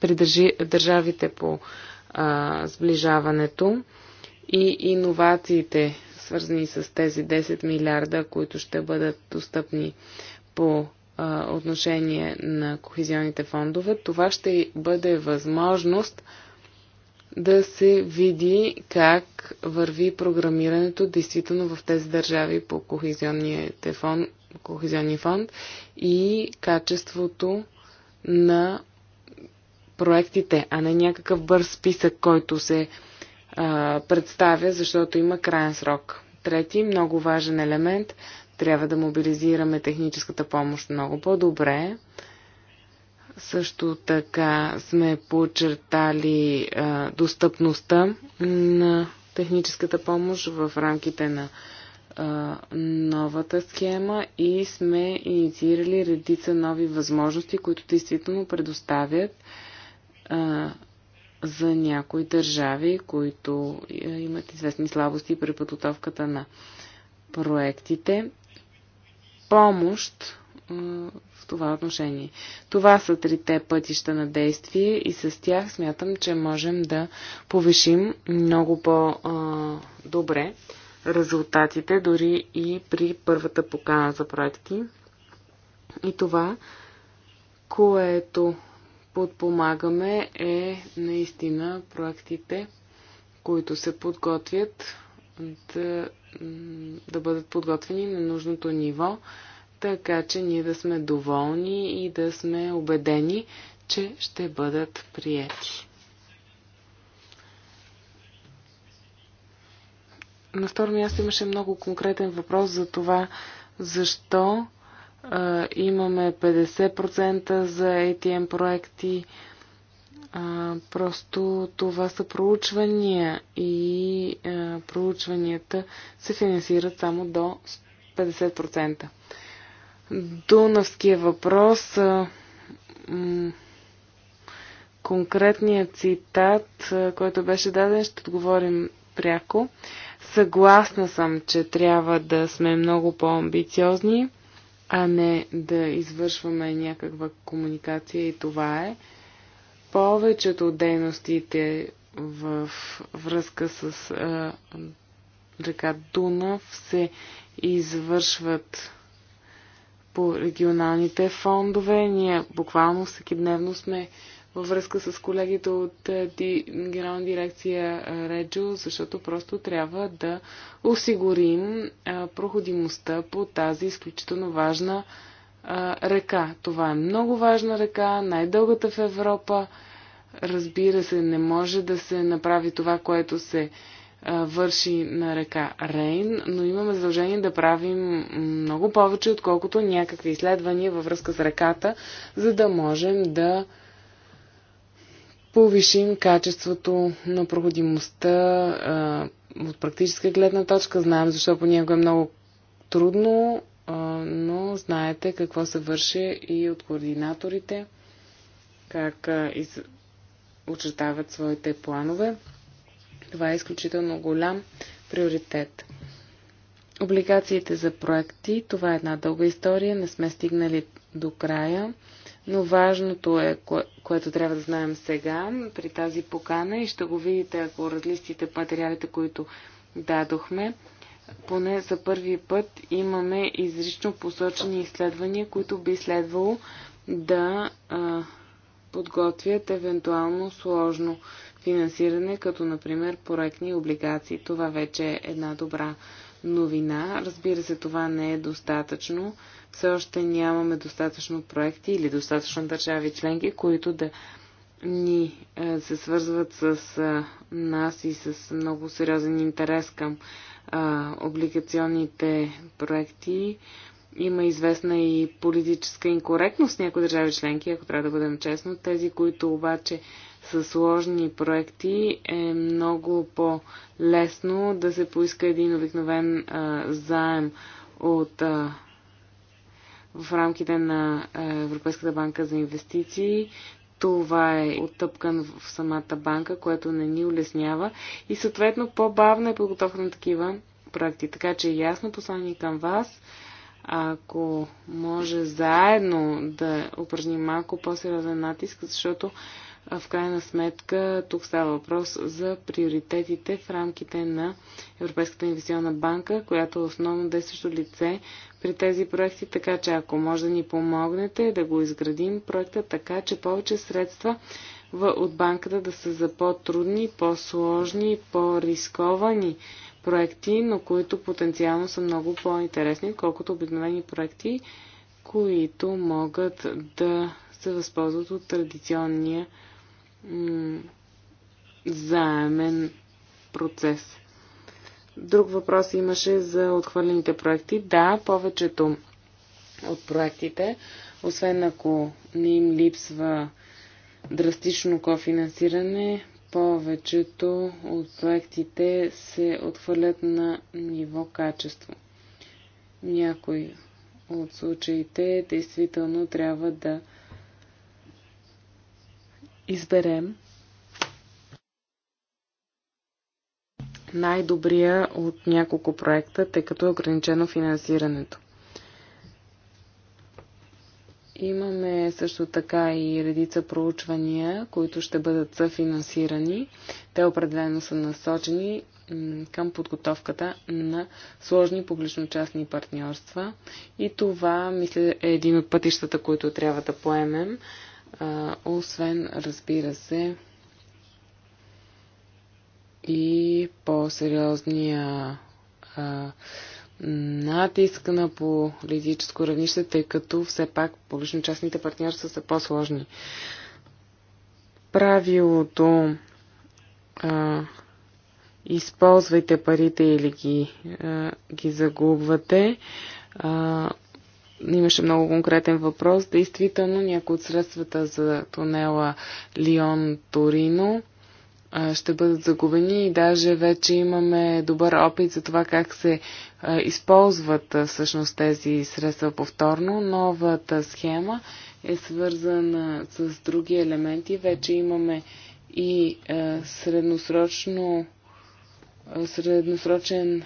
[SPEAKER 4] при държавите по а, сближаването и иновациите, свързани с тези 10 милиарда, които ще бъдат достъпни по отношение на кохезионните фондове, това ще бъде възможност да се види как върви програмирането действително в тези държави по фон, кохезионния фонд и качеството на проектите, а не някакъв бърз списък, който се а, представя, защото има крайен срок. Трети много важен елемент трябва да мобилизираме техническата помощ много по-добре. Също така сме подчертали а, достъпността на техническата помощ в рамките на а, новата схема и сме инициирали редица нови възможности, които действително предоставят а, за някои държави, които имат известни слабости при подготовката на проектите помощ в това отношение. Това са трите пътища на действие и с тях смятам, че можем да повишим много по-добре резултатите, дори и при първата покана за проекти. И това, което подпомагаме е наистина проектите, които се подготвят да, да бъдат подготвени на нужното ниво, така че ние да сме доволни и да сме убедени, че ще бъдат приети. На второ място имаше много конкретен въпрос за това, защо а, имаме 50% за ATM проекти, а, а, просто това са проучвания и а, проучванията се финансират само до 50%. Дунавския въпрос. А, конкретният цитат, а, който беше даден, ще отговорим пряко. Съгласна съм, че трябва да сме много по-амбициозни, а не да извършваме някаква комуникация и това е повечето от дейностите в връзка с а, река Дунав се извършват по регионалните фондове. Ние буквално всеки дневно сме във връзка с колегите от Генерална дирекция Реджо, защото просто трябва да осигурим проходимостта по тази изключително важна а, река. Това е много важна река, най-дългата в Европа. Разбира се, не може да се направи това, което се а, върши на река Рейн, но имаме задължение да правим много повече, отколкото някакви изследвания във връзка с реката, за да можем да повишим качеството на проходимостта а, от практическа гледна точка. Знаем защо понякога е много трудно знаете какво се върши и от координаторите, как из... очертават своите планове. Това е изключително голям приоритет. Облигациите за проекти, това е една дълга история, не сме стигнали до края, но важното е, кое, което трябва да знаем сега при тази покана и ще го видите, ако разлистите материалите, които дадохме поне за първи път имаме изрично посочени изследвания, които би следвало да а, подготвят евентуално сложно финансиране, като например проектни облигации. Това вече е една добра новина. Разбира се, това не е достатъчно. Все още нямаме достатъчно проекти или достатъчно държави членки, които да ни се свързват с нас и с много сериозен интерес към а, облигационните проекти има известна и политическа инкоректност в някои държави членки, ако трябва да бъдем честно. Тези, които обаче са сложни проекти, е много по-лесно да се поиска един обикновен а, заем от а, в рамките на Европейската банка за инвестиции. Това е оттъпкан в самата банка, което не ни улеснява и съответно по-бавна е подготовка на такива проекти. Така че е ясно послание към вас. Ако може заедно да упражним малко по-сериозен натиск, защото в крайна сметка тук става въпрос за приоритетите в рамките на Европейската инвестиционна банка, която е основно действащо лице при тези проекти, така че ако може да ни помогнете да го изградим проекта така, че повече средства от банката да са за по-трудни, по-сложни, по-рисковани проекти, но които потенциално са много по-интересни, колкото обикновени проекти, които могат да се възползват от традиционния заемен процес. Друг въпрос имаше за отхвърлените проекти. Да, повечето от проектите, освен ако не им липсва драстично кофинансиране, повечето от проектите се отхвърлят на ниво качество. Някои от случаите действително трябва да изберем най-добрия от няколко проекта, тъй като е ограничено финансирането. Имаме също така и редица проучвания, които ще бъдат съфинансирани. Те определено са насочени към подготовката на сложни публично-частни партньорства. И това, мисля, е един от пътищата, които трябва да поемем а, освен, разбира се, и по-сериозния натиск на политическо равнище, тъй като все пак публично-частните партньорства са по-сложни. Правилото а, използвайте парите или ги, а, ги загубвате а, имаше много конкретен въпрос. Действително, някои от средствата за тунела Лион-Торино ще бъдат загубени и даже вече имаме добър опит за това как се използват всъщност тези средства повторно. Новата схема е свързана с други елементи. Вече имаме и средносрочно средносрочен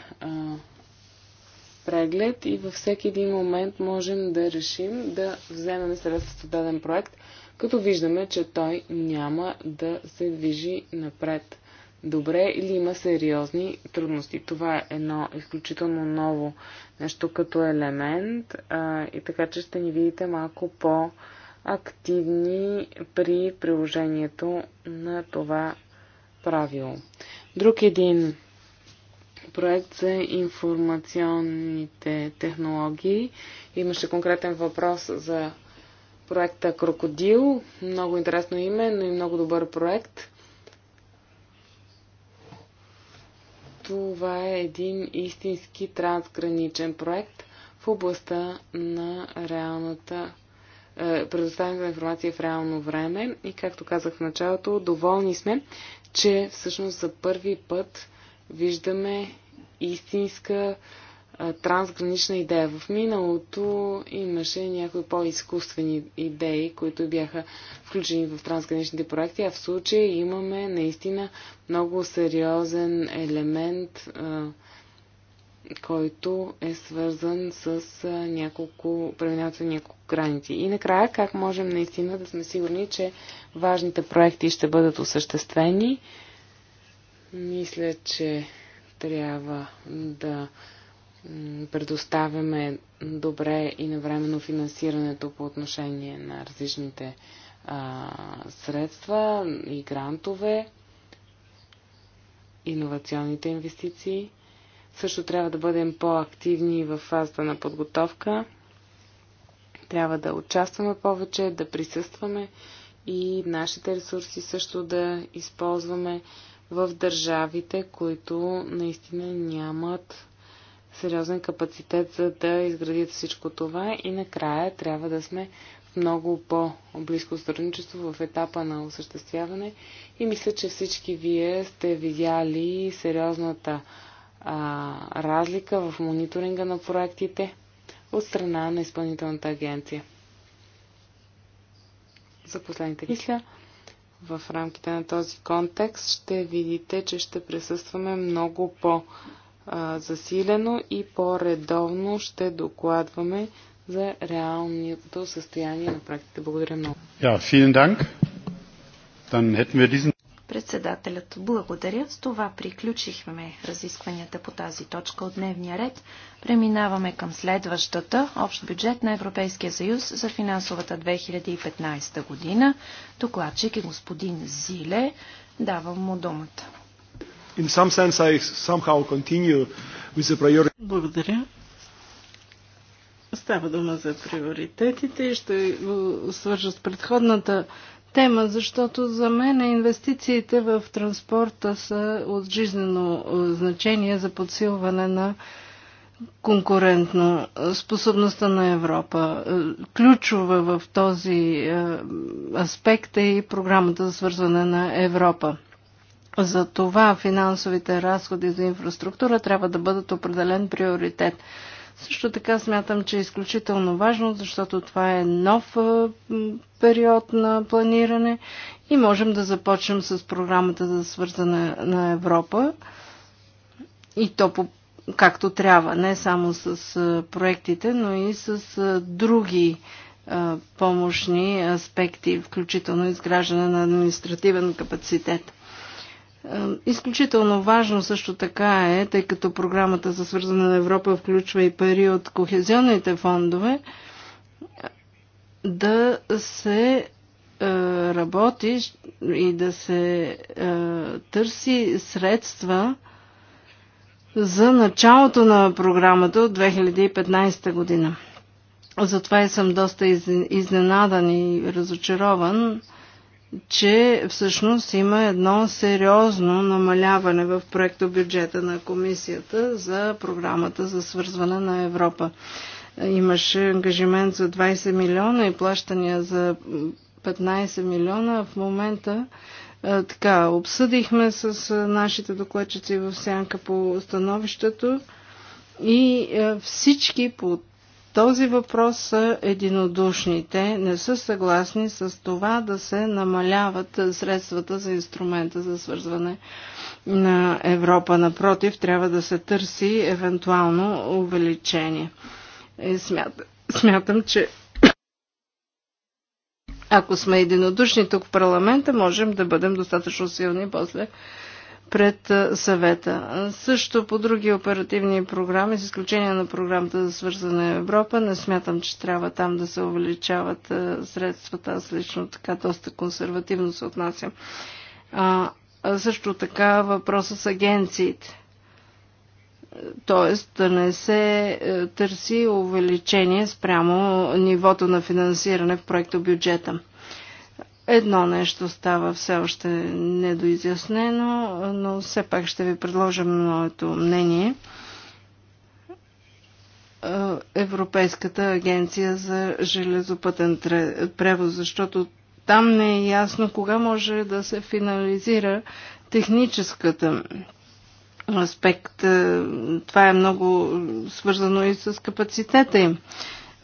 [SPEAKER 4] преглед и във всеки един момент можем да решим да вземем средства за даден проект, като виждаме, че той няма да се движи напред добре или има сериозни трудности. Това е едно изключително ново нещо като елемент а, и така, че ще ни видите малко по- активни при приложението на това правило. Друг един проект за информационните технологии. Имаше конкретен въпрос за проекта Крокодил. Много интересно име, но и много добър проект. Това е един истински трансграничен проект в областта на реалната е, предоставянето на информация в реално време. И както казах в началото, доволни сме, че всъщност за първи път виждаме истинска а, трансгранична идея. В миналото имаше някои по-изкуствени идеи, които бяха включени в трансграничните проекти, а в случая имаме наистина много сериозен елемент, а, който е свързан с а, няколко, преминаването на няколко граници. И накрая, как можем наистина да сме сигурни, че важните проекти ще бъдат осъществени? Мисля, че трябва да предоставяме добре и навременно финансирането по отношение на различните а, средства и грантове, иновационните инвестиции. Също трябва да бъдем по-активни в фазата на подготовка. Трябва да участваме повече, да присъстваме и нашите ресурси също да използваме в държавите, които наистина нямат сериозен капацитет за да изградят всичко това и накрая трябва да сме в много по-близко сътрудничество в етапа на осъществяване и мисля, че всички вие сте видяли сериозната а, разлика в мониторинга на проектите от страна на изпълнителната агенция. За последните мисля, в рамките на този контекст, ще видите, че ще присъстваме много по-засилено и по-редовно ще докладваме за реалното състояние на практиката. Благодаря много. Ja,
[SPEAKER 1] vielen Dank. Dann hätten wir diesen
[SPEAKER 4] Председателят, благодаря. С това
[SPEAKER 2] приключихме разискванията по тази точка от дневния ред. Преминаваме към следващата общ бюджет на Европейския съюз за финансовата 2015 година. Докладчик е господин Зиле. Давам му думата.
[SPEAKER 3] Благодаря. Става дума за приоритетите и ще го свържа с предходната тема, защото за мен инвестициите в транспорта са от жизнено е, значение за подсилване на конкурентно е, способността на Европа. Е, ключова в този аспект е и програмата за свързване на Европа. За това финансовите разходи за инфраструктура трябва да бъдат определен приоритет. Също така смятам, че е изключително важно, защото това е нов период на планиране и можем да започнем с програмата за свързане на Европа и то по, както трябва, не само с проектите, но и с други помощни аспекти, включително изграждане на административен капацитет. Е, изключително важно също така е, тъй като програмата за свързане на Европа включва и пари от кохезионните фондове, да се е, работи и да се е, търси средства за началото на програмата от 2015 година. Затова и съм доста изненадан и разочарован че всъщност има едно сериозно намаляване в проекто бюджета на комисията за програмата за свързване на Европа. Имаше ангажимент за 20 милиона и плащания за 15 милиона. В момента така, обсъдихме с нашите докладчици в сянка по становището и всички по този въпрос са единодушните. не са съгласни с това да се намаляват средствата за инструмента за свързване на Европа. Напротив, трябва да се търси евентуално увеличение. Е, смятам, смятам че ако сме единодушни тук в парламента, можем да бъдем достатъчно силни после пред съвета. Също по други оперативни програми, с изключение на програмата за свързана Европа, не смятам, че трябва там да се увеличават средствата. Аз лично така доста консервативно се отнасям. А, също така въпросът с агенциите. Тоест да не се е, търси увеличение спрямо нивото на финансиране в проекта бюджета. Едно нещо става все още недоизяснено, но все пак ще ви предложа моето мнение. Европейската агенция за железопътен превоз, защото там не е ясно кога може да се финализира техническата аспект. Е, това е много свързано и с капацитета им.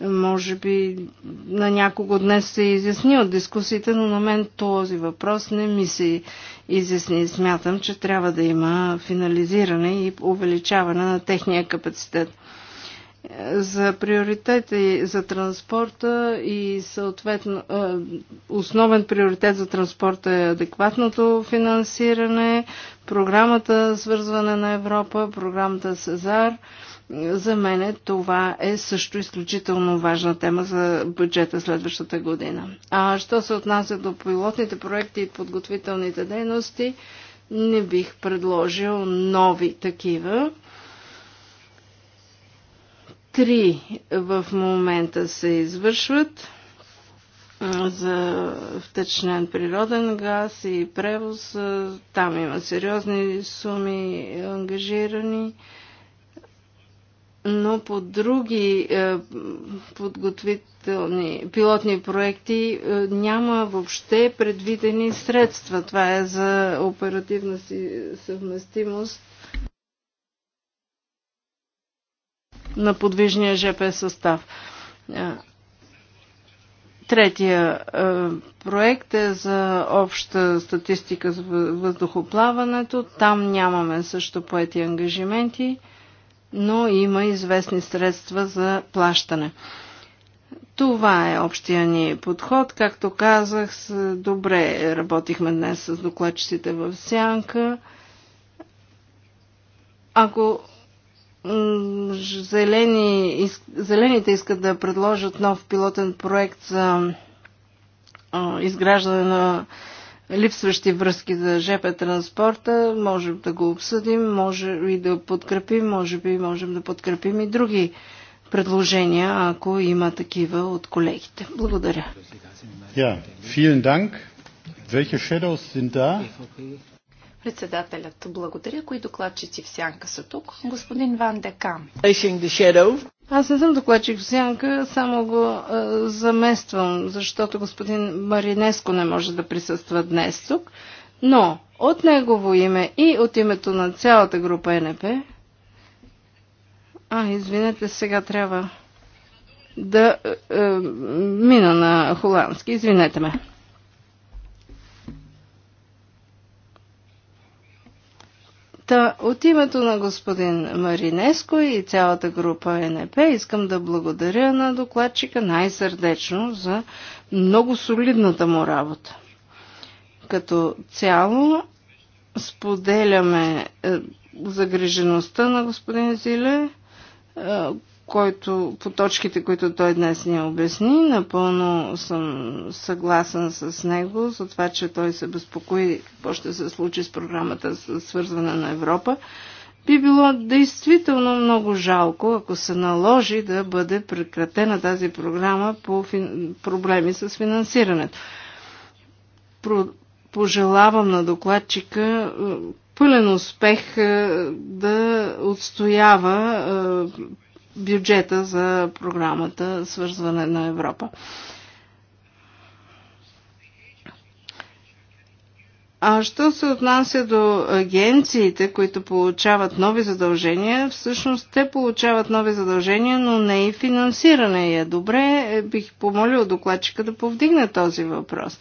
[SPEAKER 3] Може би на някого днес се изясни от дискусията, но на мен този въпрос не ми се изясни. Смятам, че трябва да има финализиране и увеличаване на техния капацитет за приоритети за транспорта и съответно е, основен приоритет за транспорта е адекватното финансиране, програмата Свързване на Европа, програмата Сезар за мен това е също изключително важна тема за бюджета следващата година. А що се отнася до пилотните проекти и подготвителните дейности, не бих предложил нови такива. Три в момента се извършват за втечнен природен газ и превоз. Там има сериозни суми ангажирани но по други е, подготвителни пилотни проекти е, няма въобще предвидени средства. Това е за оперативна си съвместимост на подвижния ЖП състав. Е, третия е, проект е за обща статистика за въздухоплаването. Там нямаме също поети ангажименти но има известни средства за плащане. Това е общия ни подход. Както казах, добре работихме днес с докладчиците в Сянка. Ако зелени, зелените искат да предложат нов пилотен проект за изграждане на липсващи връзки за ЖП транспорта, можем да го обсъдим, може и да подкрепим, може би можем да подкрепим и други предложения, ако има такива от колегите. Благодаря.
[SPEAKER 1] Ja, vielen Dank. Welche Shadows sind da?
[SPEAKER 2] Председателят, благодаря. Кои докладчици в сянка са тук? Господин Ван Декам.
[SPEAKER 3] Аз не съм докладчик в сянка, само го а, замествам, защото господин Маринеско не може да присъства днес тук. Но от негово име и от името на цялата група НП... А, извинете, сега трябва да е, мина на холандски. Извинете ме. Та, от името на господин Маринеско и цялата група е НП искам да благодаря на докладчика най-сърдечно за много солидната му работа. Като цяло споделяме е, загрижеността на господин Зиле, е, който, по точките, които той днес ни обясни. Напълно съм съгласен с него за това, че той се безпокои какво ще се случи с програмата за свързване на Европа. Би било действително много жалко, ако се наложи да бъде прекратена тази програма по фин... проблеми с финансирането. Про... Пожелавам на докладчика е, пълен успех е, да отстоява е, бюджета за програмата Свързване на Европа. А що се отнася до агенциите, които получават нови задължения, всъщност те получават нови задължения, но не и финансиране. е добре, бих помолил докладчика да повдигне този въпрос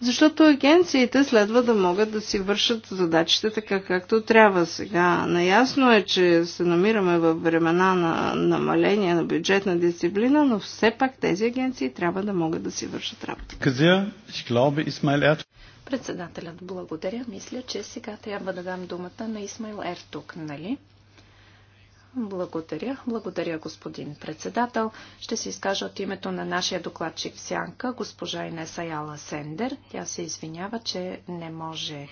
[SPEAKER 3] защото агенциите следва да могат да си вършат задачите така както трябва сега. Наясно е, че се намираме в времена на намаление на бюджетна дисциплина, но все пак тези агенции трябва да могат да си вършат
[SPEAKER 1] работа.
[SPEAKER 3] Председателят, благодаря.
[SPEAKER 2] Мисля, че сега трябва да дам думата на Исмайл Ертук, нали? Благодаря. Благодаря, господин председател. Ще се изкажа от името на нашия докладчик в Сянка, госпожа Инеса Яла Сендер. Тя се извинява, че не може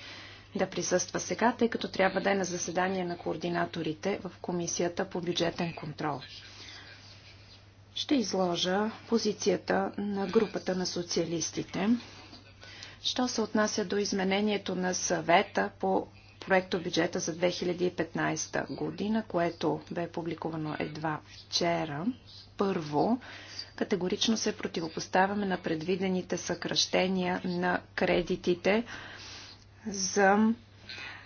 [SPEAKER 2] да присъства сега, тъй като трябва да е на заседание на координаторите в Комисията по бюджетен контрол. Ще изложа позицията на групата на социалистите. Що се отнася до изменението на съвета по проекто бюджета за 2015 година, което бе публикувано едва вчера. Първо, категорично се противопоставяме на предвидените съкръщения на кредитите за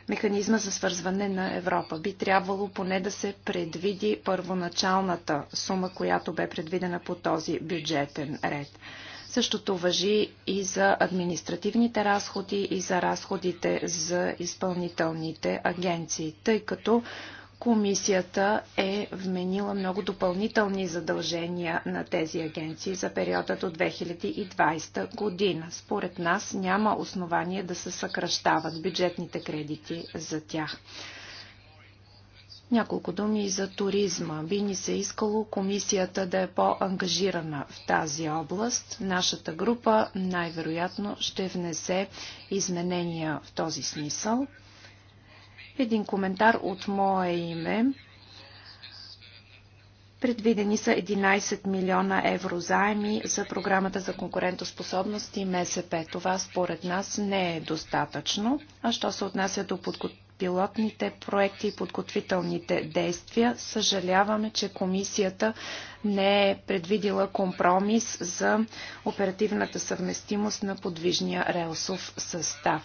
[SPEAKER 2] механизма за свързване на Европа. Би трябвало поне да се предвиди първоначалната сума, която бе предвидена по този бюджетен ред. Същото въжи и за административните разходи и за разходите за изпълнителните агенции, тъй като комисията е вменила много допълнителни задължения на тези агенции за периода до 2020 година. Според нас няма основание да се съкръщават бюджетните кредити за тях. Няколко думи за туризма. Би ни се искало комисията да е по-ангажирана в тази област. Нашата група най-вероятно ще внесе изменения в този смисъл. Един коментар от мое име. Предвидени са 11 милиона евро заеми за програмата за конкурентоспособност и МСП. Това според нас не е достатъчно. А що се отнася до пилотните проекти и подготвителните действия. Съжаляваме, че комисията не е предвидила компромис за оперативната съвместимост на подвижния релсов състав.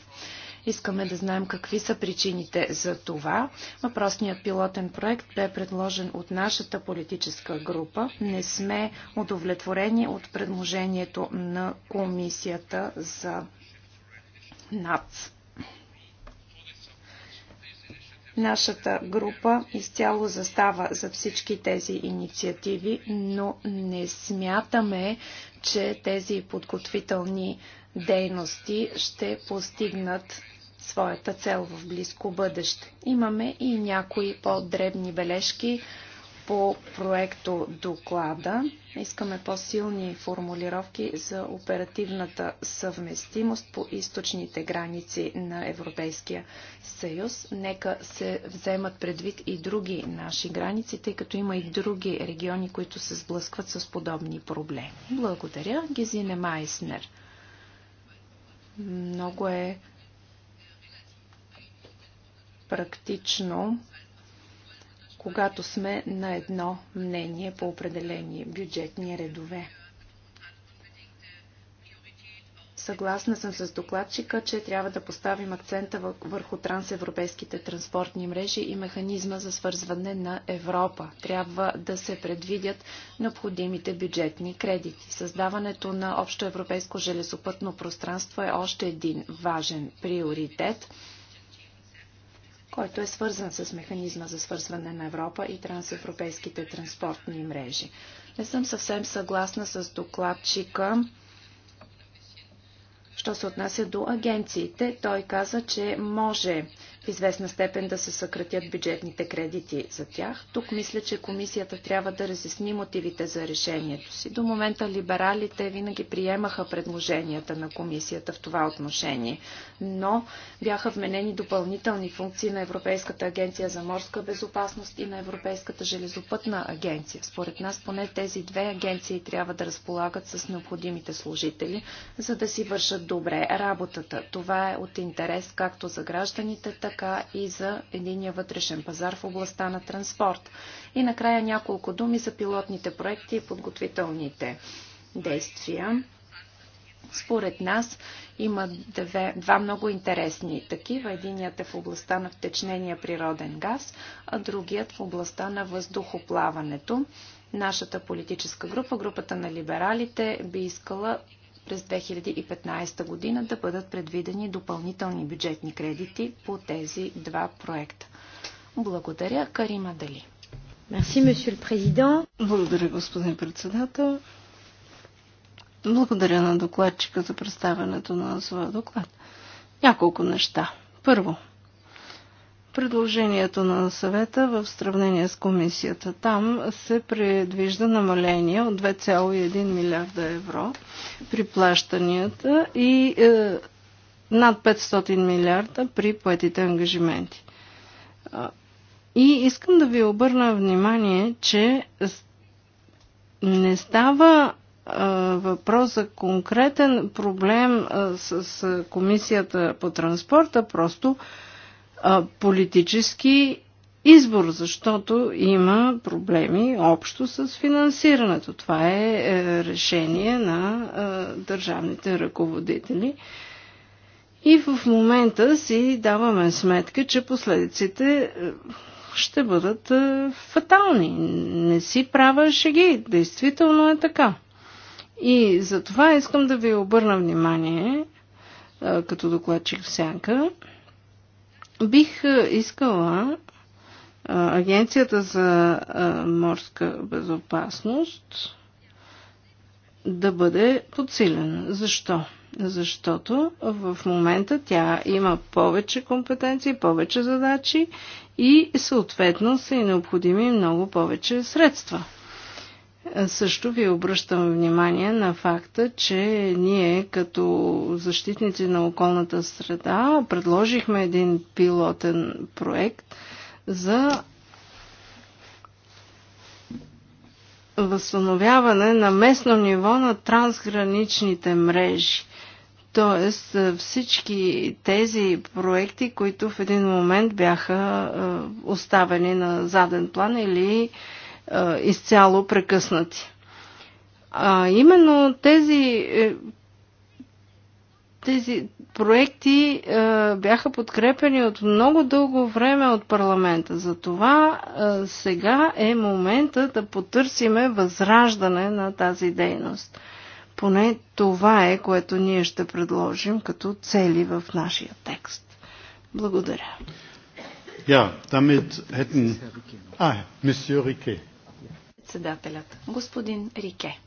[SPEAKER 2] Искаме да знаем какви са причините за това. Въпросният пилотен проект бе предложен от нашата политическа група. Не сме удовлетворени от предложението на комисията за НАЦ. Нашата група изцяло застава за всички тези инициативи, но не смятаме, че тези подготвителни дейности ще постигнат своята цел в близко бъдеще. Имаме и някои по-дребни бележки по проекто доклада. Искаме по-силни формулировки за оперативната съвместимост по източните граници на Европейския съюз. Нека се вземат предвид и други наши граници, тъй като има и други региони, които се сблъскват с подобни проблеми. Благодаря. гизине Майснер. Много е практично когато сме на едно мнение по определени бюджетни редове. Съгласна съм с докладчика, че трябва да поставим акцента върху трансевропейските транспортни мрежи и механизма за свързване на Европа. Трябва да се предвидят необходимите бюджетни кредити. Създаването на общоевропейско железопътно пространство е още един важен приоритет – който е свързан с механизма за свързване на Европа и трансевропейските транспортни мрежи. Не съм съвсем съгласна с докладчика, що се отнася до агенциите. Той каза, че може в известна степен да се съкратят бюджетните кредити за тях. Тук мисля, че комисията трябва да разясни мотивите за решението си. До момента либералите винаги приемаха предложенията на комисията в това отношение, но бяха вменени допълнителни функции на Европейската агенция за морска безопасност и на Европейската железопътна агенция. Според нас поне тези две агенции трябва да разполагат с необходимите служители, за да си вършат добре работата. Това е от интерес както за гражданите, така така и за единия вътрешен пазар в областта на транспорт. И накрая няколко думи за пилотните проекти и подготвителните действия. Според нас има две, два много интересни такива. Единият е в областта на втечнения природен газ, а другият в областта на въздухоплаването. Нашата политическа група, групата на либералите, би искала през 2015 година да бъдат предвидени допълнителни бюджетни кредити по тези два проекта.
[SPEAKER 3] Благодаря, Карима Дали. Мерси, Благодаря, господин председател. Благодаря на докладчика за представянето на своя доклад. Няколко неща. Първо, предложението на съвета в сравнение с комисията. Там се предвижда намаление от 2,1 милиарда евро при плащанията и е, над 500 милиарда при поетите ангажименти. И искам да ви обърна внимание, че не става е, въпрос за конкретен проблем е, с комисията по транспорта, просто политически избор, защото има проблеми общо с финансирането. Това е, е решение на държавните ръководители. И в момента си даваме сметка, че последиците е, ще бъдат е, фатални. Не си права шеги. Действително е така. И за това искам да ви обърна внимание, като докладчик в сянка, Бих искала Агенцията за морска безопасност да бъде подсилена. Защо? Защото в момента тя има повече компетенции, повече задачи и съответно са и необходими много повече средства. Също ви обръщам внимание на факта, че ние като защитници на околната среда предложихме един пилотен проект за възстановяване на местно ниво на трансграничните мрежи. Тоест е, всички тези проекти, които в един момент бяха е, оставени на заден план или изцяло прекъснати. А именно тези, е, тези проекти а, е, бяха подкрепени от много дълго време от парламента. Затова а, е, сега е момента да потърсиме възраждане на тази дейност. Поне това е, което ние ще предложим като цели в нашия текст. Благодаря.
[SPEAKER 1] Ja, damit hätten... Ah, Monsieur Riquet.
[SPEAKER 3] Председателят. Господин Рике.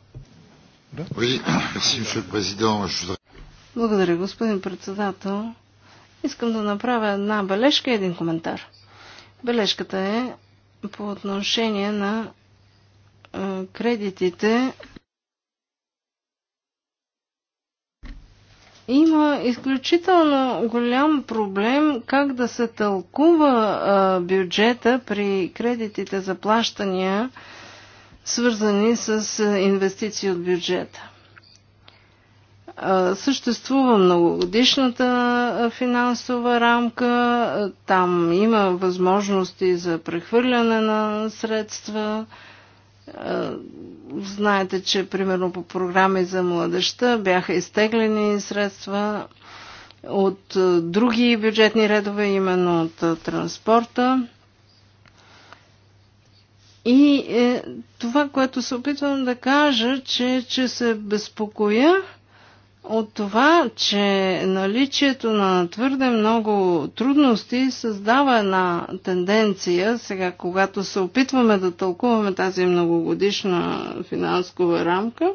[SPEAKER 3] Благодаря, господин председател. Искам да направя една бележка и един коментар. Бележката е по отношение на е, кредитите. Има изключително голям проблем как да се тълкува е, бюджета при кредитите за плащания свързани с е, инвестиции от бюджета. Съществува многогодишната финансова рамка, там има възможности за прехвърляне на средства. Знаете, че примерно по програми за младеща бяха изтеглени средства от други бюджетни редове, именно от транспорта. И е, това, което се опитвам да кажа, че, че се безпокоя от това, че наличието на твърде много трудности създава една тенденция, сега когато се опитваме да тълкуваме тази многогодишна финансова рамка,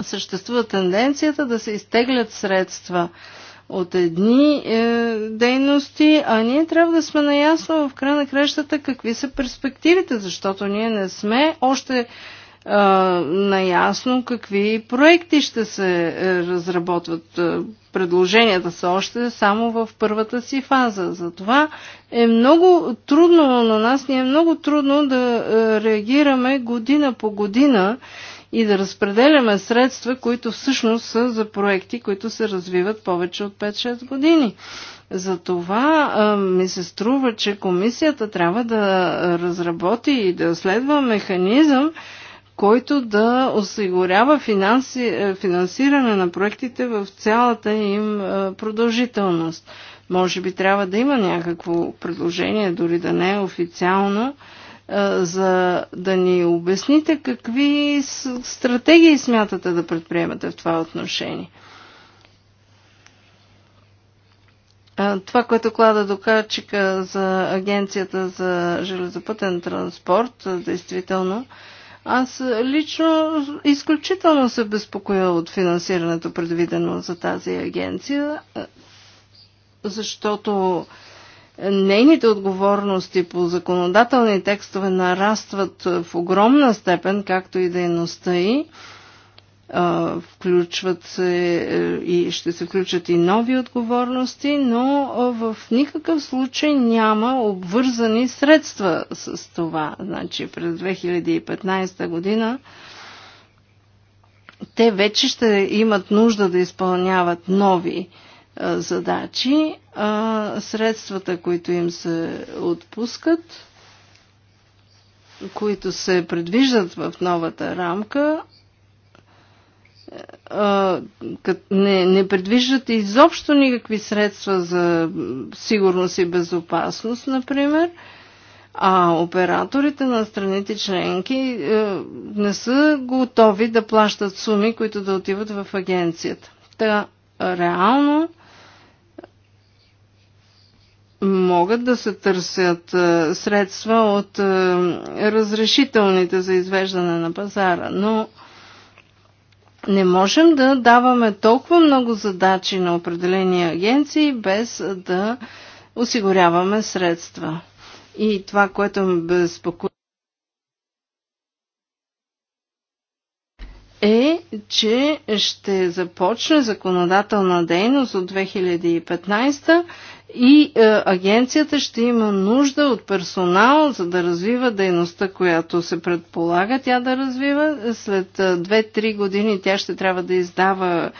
[SPEAKER 3] съществува тенденцията да се изтеглят средства – от едни е, дейности, а ние трябва да сме наясно в края на кращата какви са перспективите, защото ние не сме още е, наясно какви проекти ще се е, разработват. Е, предложенията са още само в първата си фаза. Затова е много трудно на нас, ни е много трудно да е, реагираме година по година и да разпределяме средства, които всъщност са за проекти, които се развиват повече от 5-6 години. Затова ми се струва, че комисията трябва да разработи и да следва механизъм, който да осигурява финанси, е, финансиране на проектите в цялата им е, продължителност. Може би трябва да има някакво предложение, дори да не е официално, за да ни обясните какви стратегии смятате да предприемате в това отношение. Това, което клада докачика за Агенцията за железопътен транспорт, действително, аз лично изключително се безпокоя от финансирането, предвидено за тази агенция, защото нейните отговорности по законодателни текстове нарастват в огромна степен, както и дейността й. Включват се е, и ще се включат и нови отговорности, но в никакъв случай няма обвързани средства с това. Значи през 2015 година те вече ще имат нужда да изпълняват нови задачи, средствата, които им се отпускат, които се предвиждат в новата рамка, не, не предвиждат изобщо никакви средства за сигурност и безопасност, например, а операторите на страните членки не са готови да плащат суми, които да отиват в агенцията. Та, реално, могат да се търсят средства от разрешителните за извеждане на пазара, но не можем да даваме толкова много задачи на определени агенции без да осигуряваме средства. И това, което ме безпокои, е, че ще започне законодателна дейност от 2015 и е, агенцията ще има нужда от персонал, за да развива дейността, която се предполага тя да развива. След 2-3 е, години тя ще трябва да издава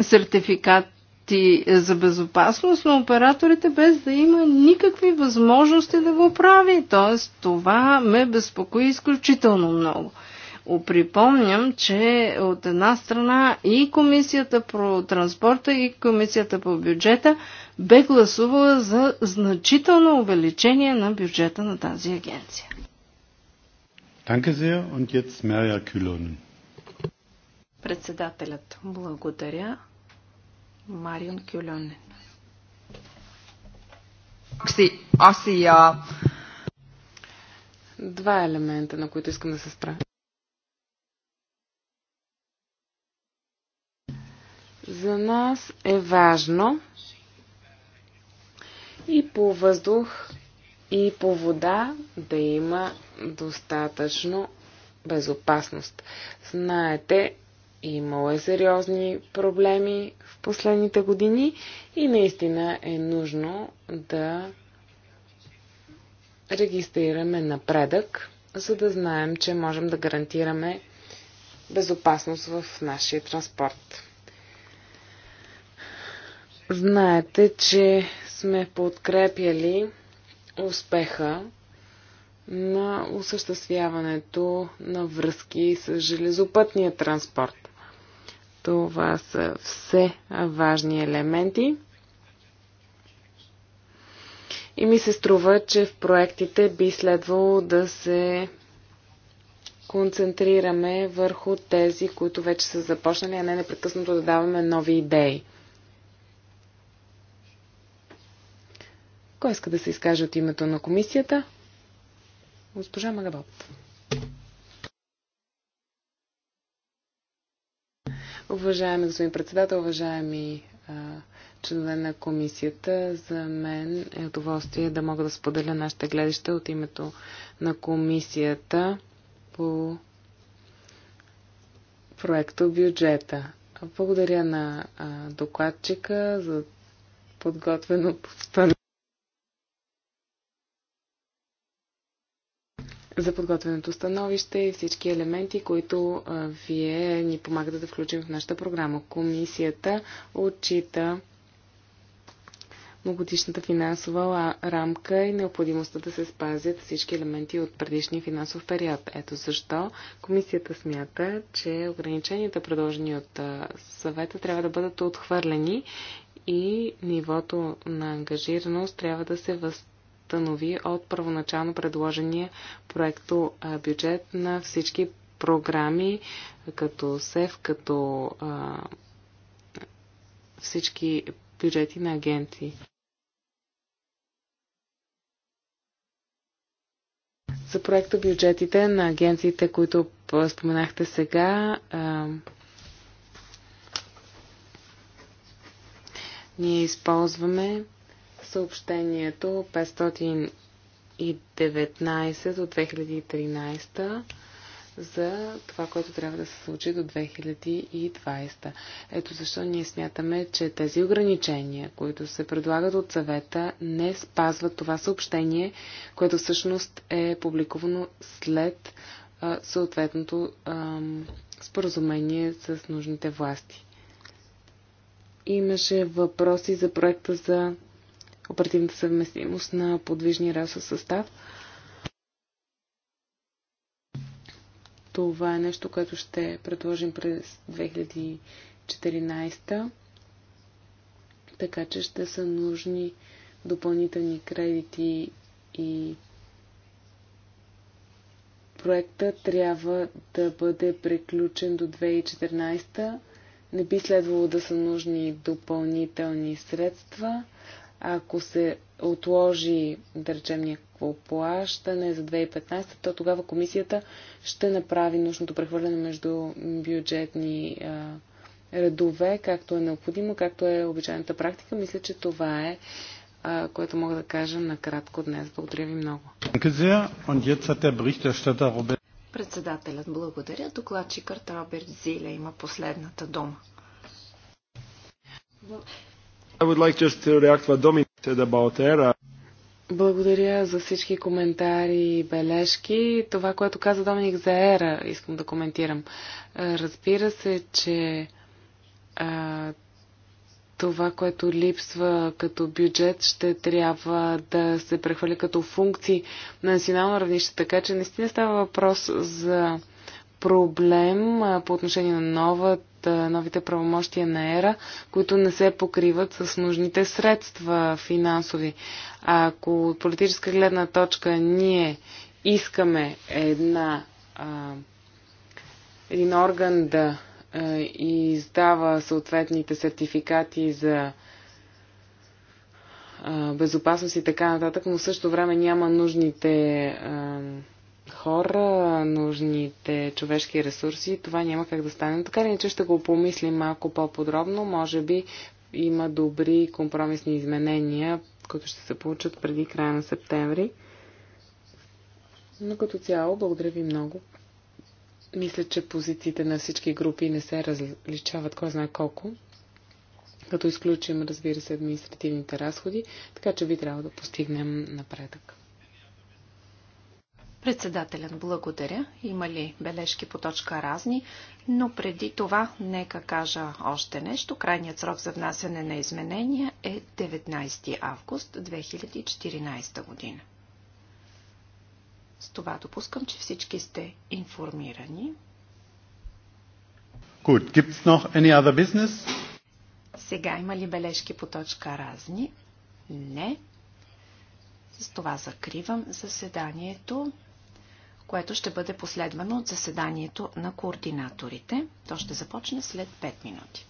[SPEAKER 3] сертификати е, за безопасност на операторите, без да има никакви възможности да го прави. Тоест, това ме безпокои изключително много припомням, че от една страна и Комисията по транспорта и Комисията по бюджета бе гласувала за значително увеличение на бюджета на тази агенция.
[SPEAKER 1] Danke sehr und jetzt Kühlonen.
[SPEAKER 3] Председателят, благодаря.
[SPEAKER 4] Марион Кюлонен. Два елемента, на които искам да се спра. За нас е важно и по въздух, и по вода да има достатъчно безопасност. Знаете, имало е сериозни проблеми в последните години и наистина е нужно да регистрираме напредък, за да знаем, че можем да гарантираме безопасност в нашия транспорт. Знаете, че сме подкрепяли успеха на осъществяването на връзки с железопътния транспорт. Това са все важни елементи. И ми се струва, че в проектите би следвало да се концентрираме върху тези, които вече са започнали, а не непрекъснато да даваме нови идеи. Кой иска да се изкаже от името на комисията? Госпожа Магабот. Уважаеми господин председател, уважаеми а, членове на комисията, за мен е удоволствие да мога да споделя нашите гледаща от името на комисията по проекто бюджета. Благодаря на а, докладчика за подготвено за подготвеното становище и всички елементи, които а, вие ни помагате да включим в нашата програма. Комисията отчита многодишната финансова рамка и необходимостта да се спазят всички елементи от предишния финансов период. Ето защо комисията смята, че ограниченията, предложени от съвета, трябва да бъдат отхвърлени и нивото на ангажираност трябва да се възстанови възстанови от първоначално предложения проекто бюджет на всички програми, като СЕВ, като а, всички бюджети на агенции. За проекта бюджетите на агенциите, които споменахте сега, а, ние използваме съобщението 519 от 2013 за това, което трябва да се случи до 2020. Ето защо ние смятаме, че тези ограничения, които се предлагат от съвета, не спазват това съобщение, което всъщност е публикувано след съответното споразумение с нужните власти. Имаше въпроси за проекта за оперативната съвместимост на подвижния релсов състав. Това е нещо, което ще предложим през 2014, така че ще са нужни допълнителни кредити и проекта трябва да бъде приключен до 2014. Не би следвало да са нужни допълнителни средства. Ако се отложи, да речем, някакво плащане за 2015, то тогава комисията ще направи нужното прехвърляне между бюджетни а, редове, както е необходимо, както е обичайната практика. Мисля, че това е а, което мога да кажа накратко днес. Благодаря ви много. Председателят благодаря.
[SPEAKER 2] Докладчикът Роберт Зиле има последната дума.
[SPEAKER 1] Like
[SPEAKER 4] Благодаря за всички коментари и бележки. Това, което каза Доминик за ера, искам да коментирам. Разбира се, че а, това, което липсва като бюджет, ще трябва да се прехвърли като функции на национално равнище, така че наистина става въпрос за проблем по отношение на новата, новите правомощия на ЕРА, които не се покриват с нужните средства финансови. А ако от политическа гледна точка ние искаме една, а, един орган да а, издава съответните сертификати за а, безопасност и така нататък, но в същото време няма нужните а, хора, нужните човешки ресурси, това няма как да стане. така ли, че ще го помислим малко по-подробно. Може би има добри компромисни изменения, които ще се получат преди края на септември. Но като цяло, благодаря ви много. Мисля, че позициите на всички групи не се различават кой знае колко, като изключим, разбира се, административните разходи, така че би трябва да постигнем напредък.
[SPEAKER 2] Председателен, благодаря. Има ли бележки по точка разни? Но преди това, нека кажа още нещо. Крайният срок за внасяне на изменения е 19 август 2014 година. С това допускам, че всички сте информирани.
[SPEAKER 1] Good. Gibt's noch any other business?
[SPEAKER 2] Сега има ли бележки по точка разни? Не. С това закривам заседанието което ще бъде последвано от заседанието на координаторите. То ще започне след 5 минути.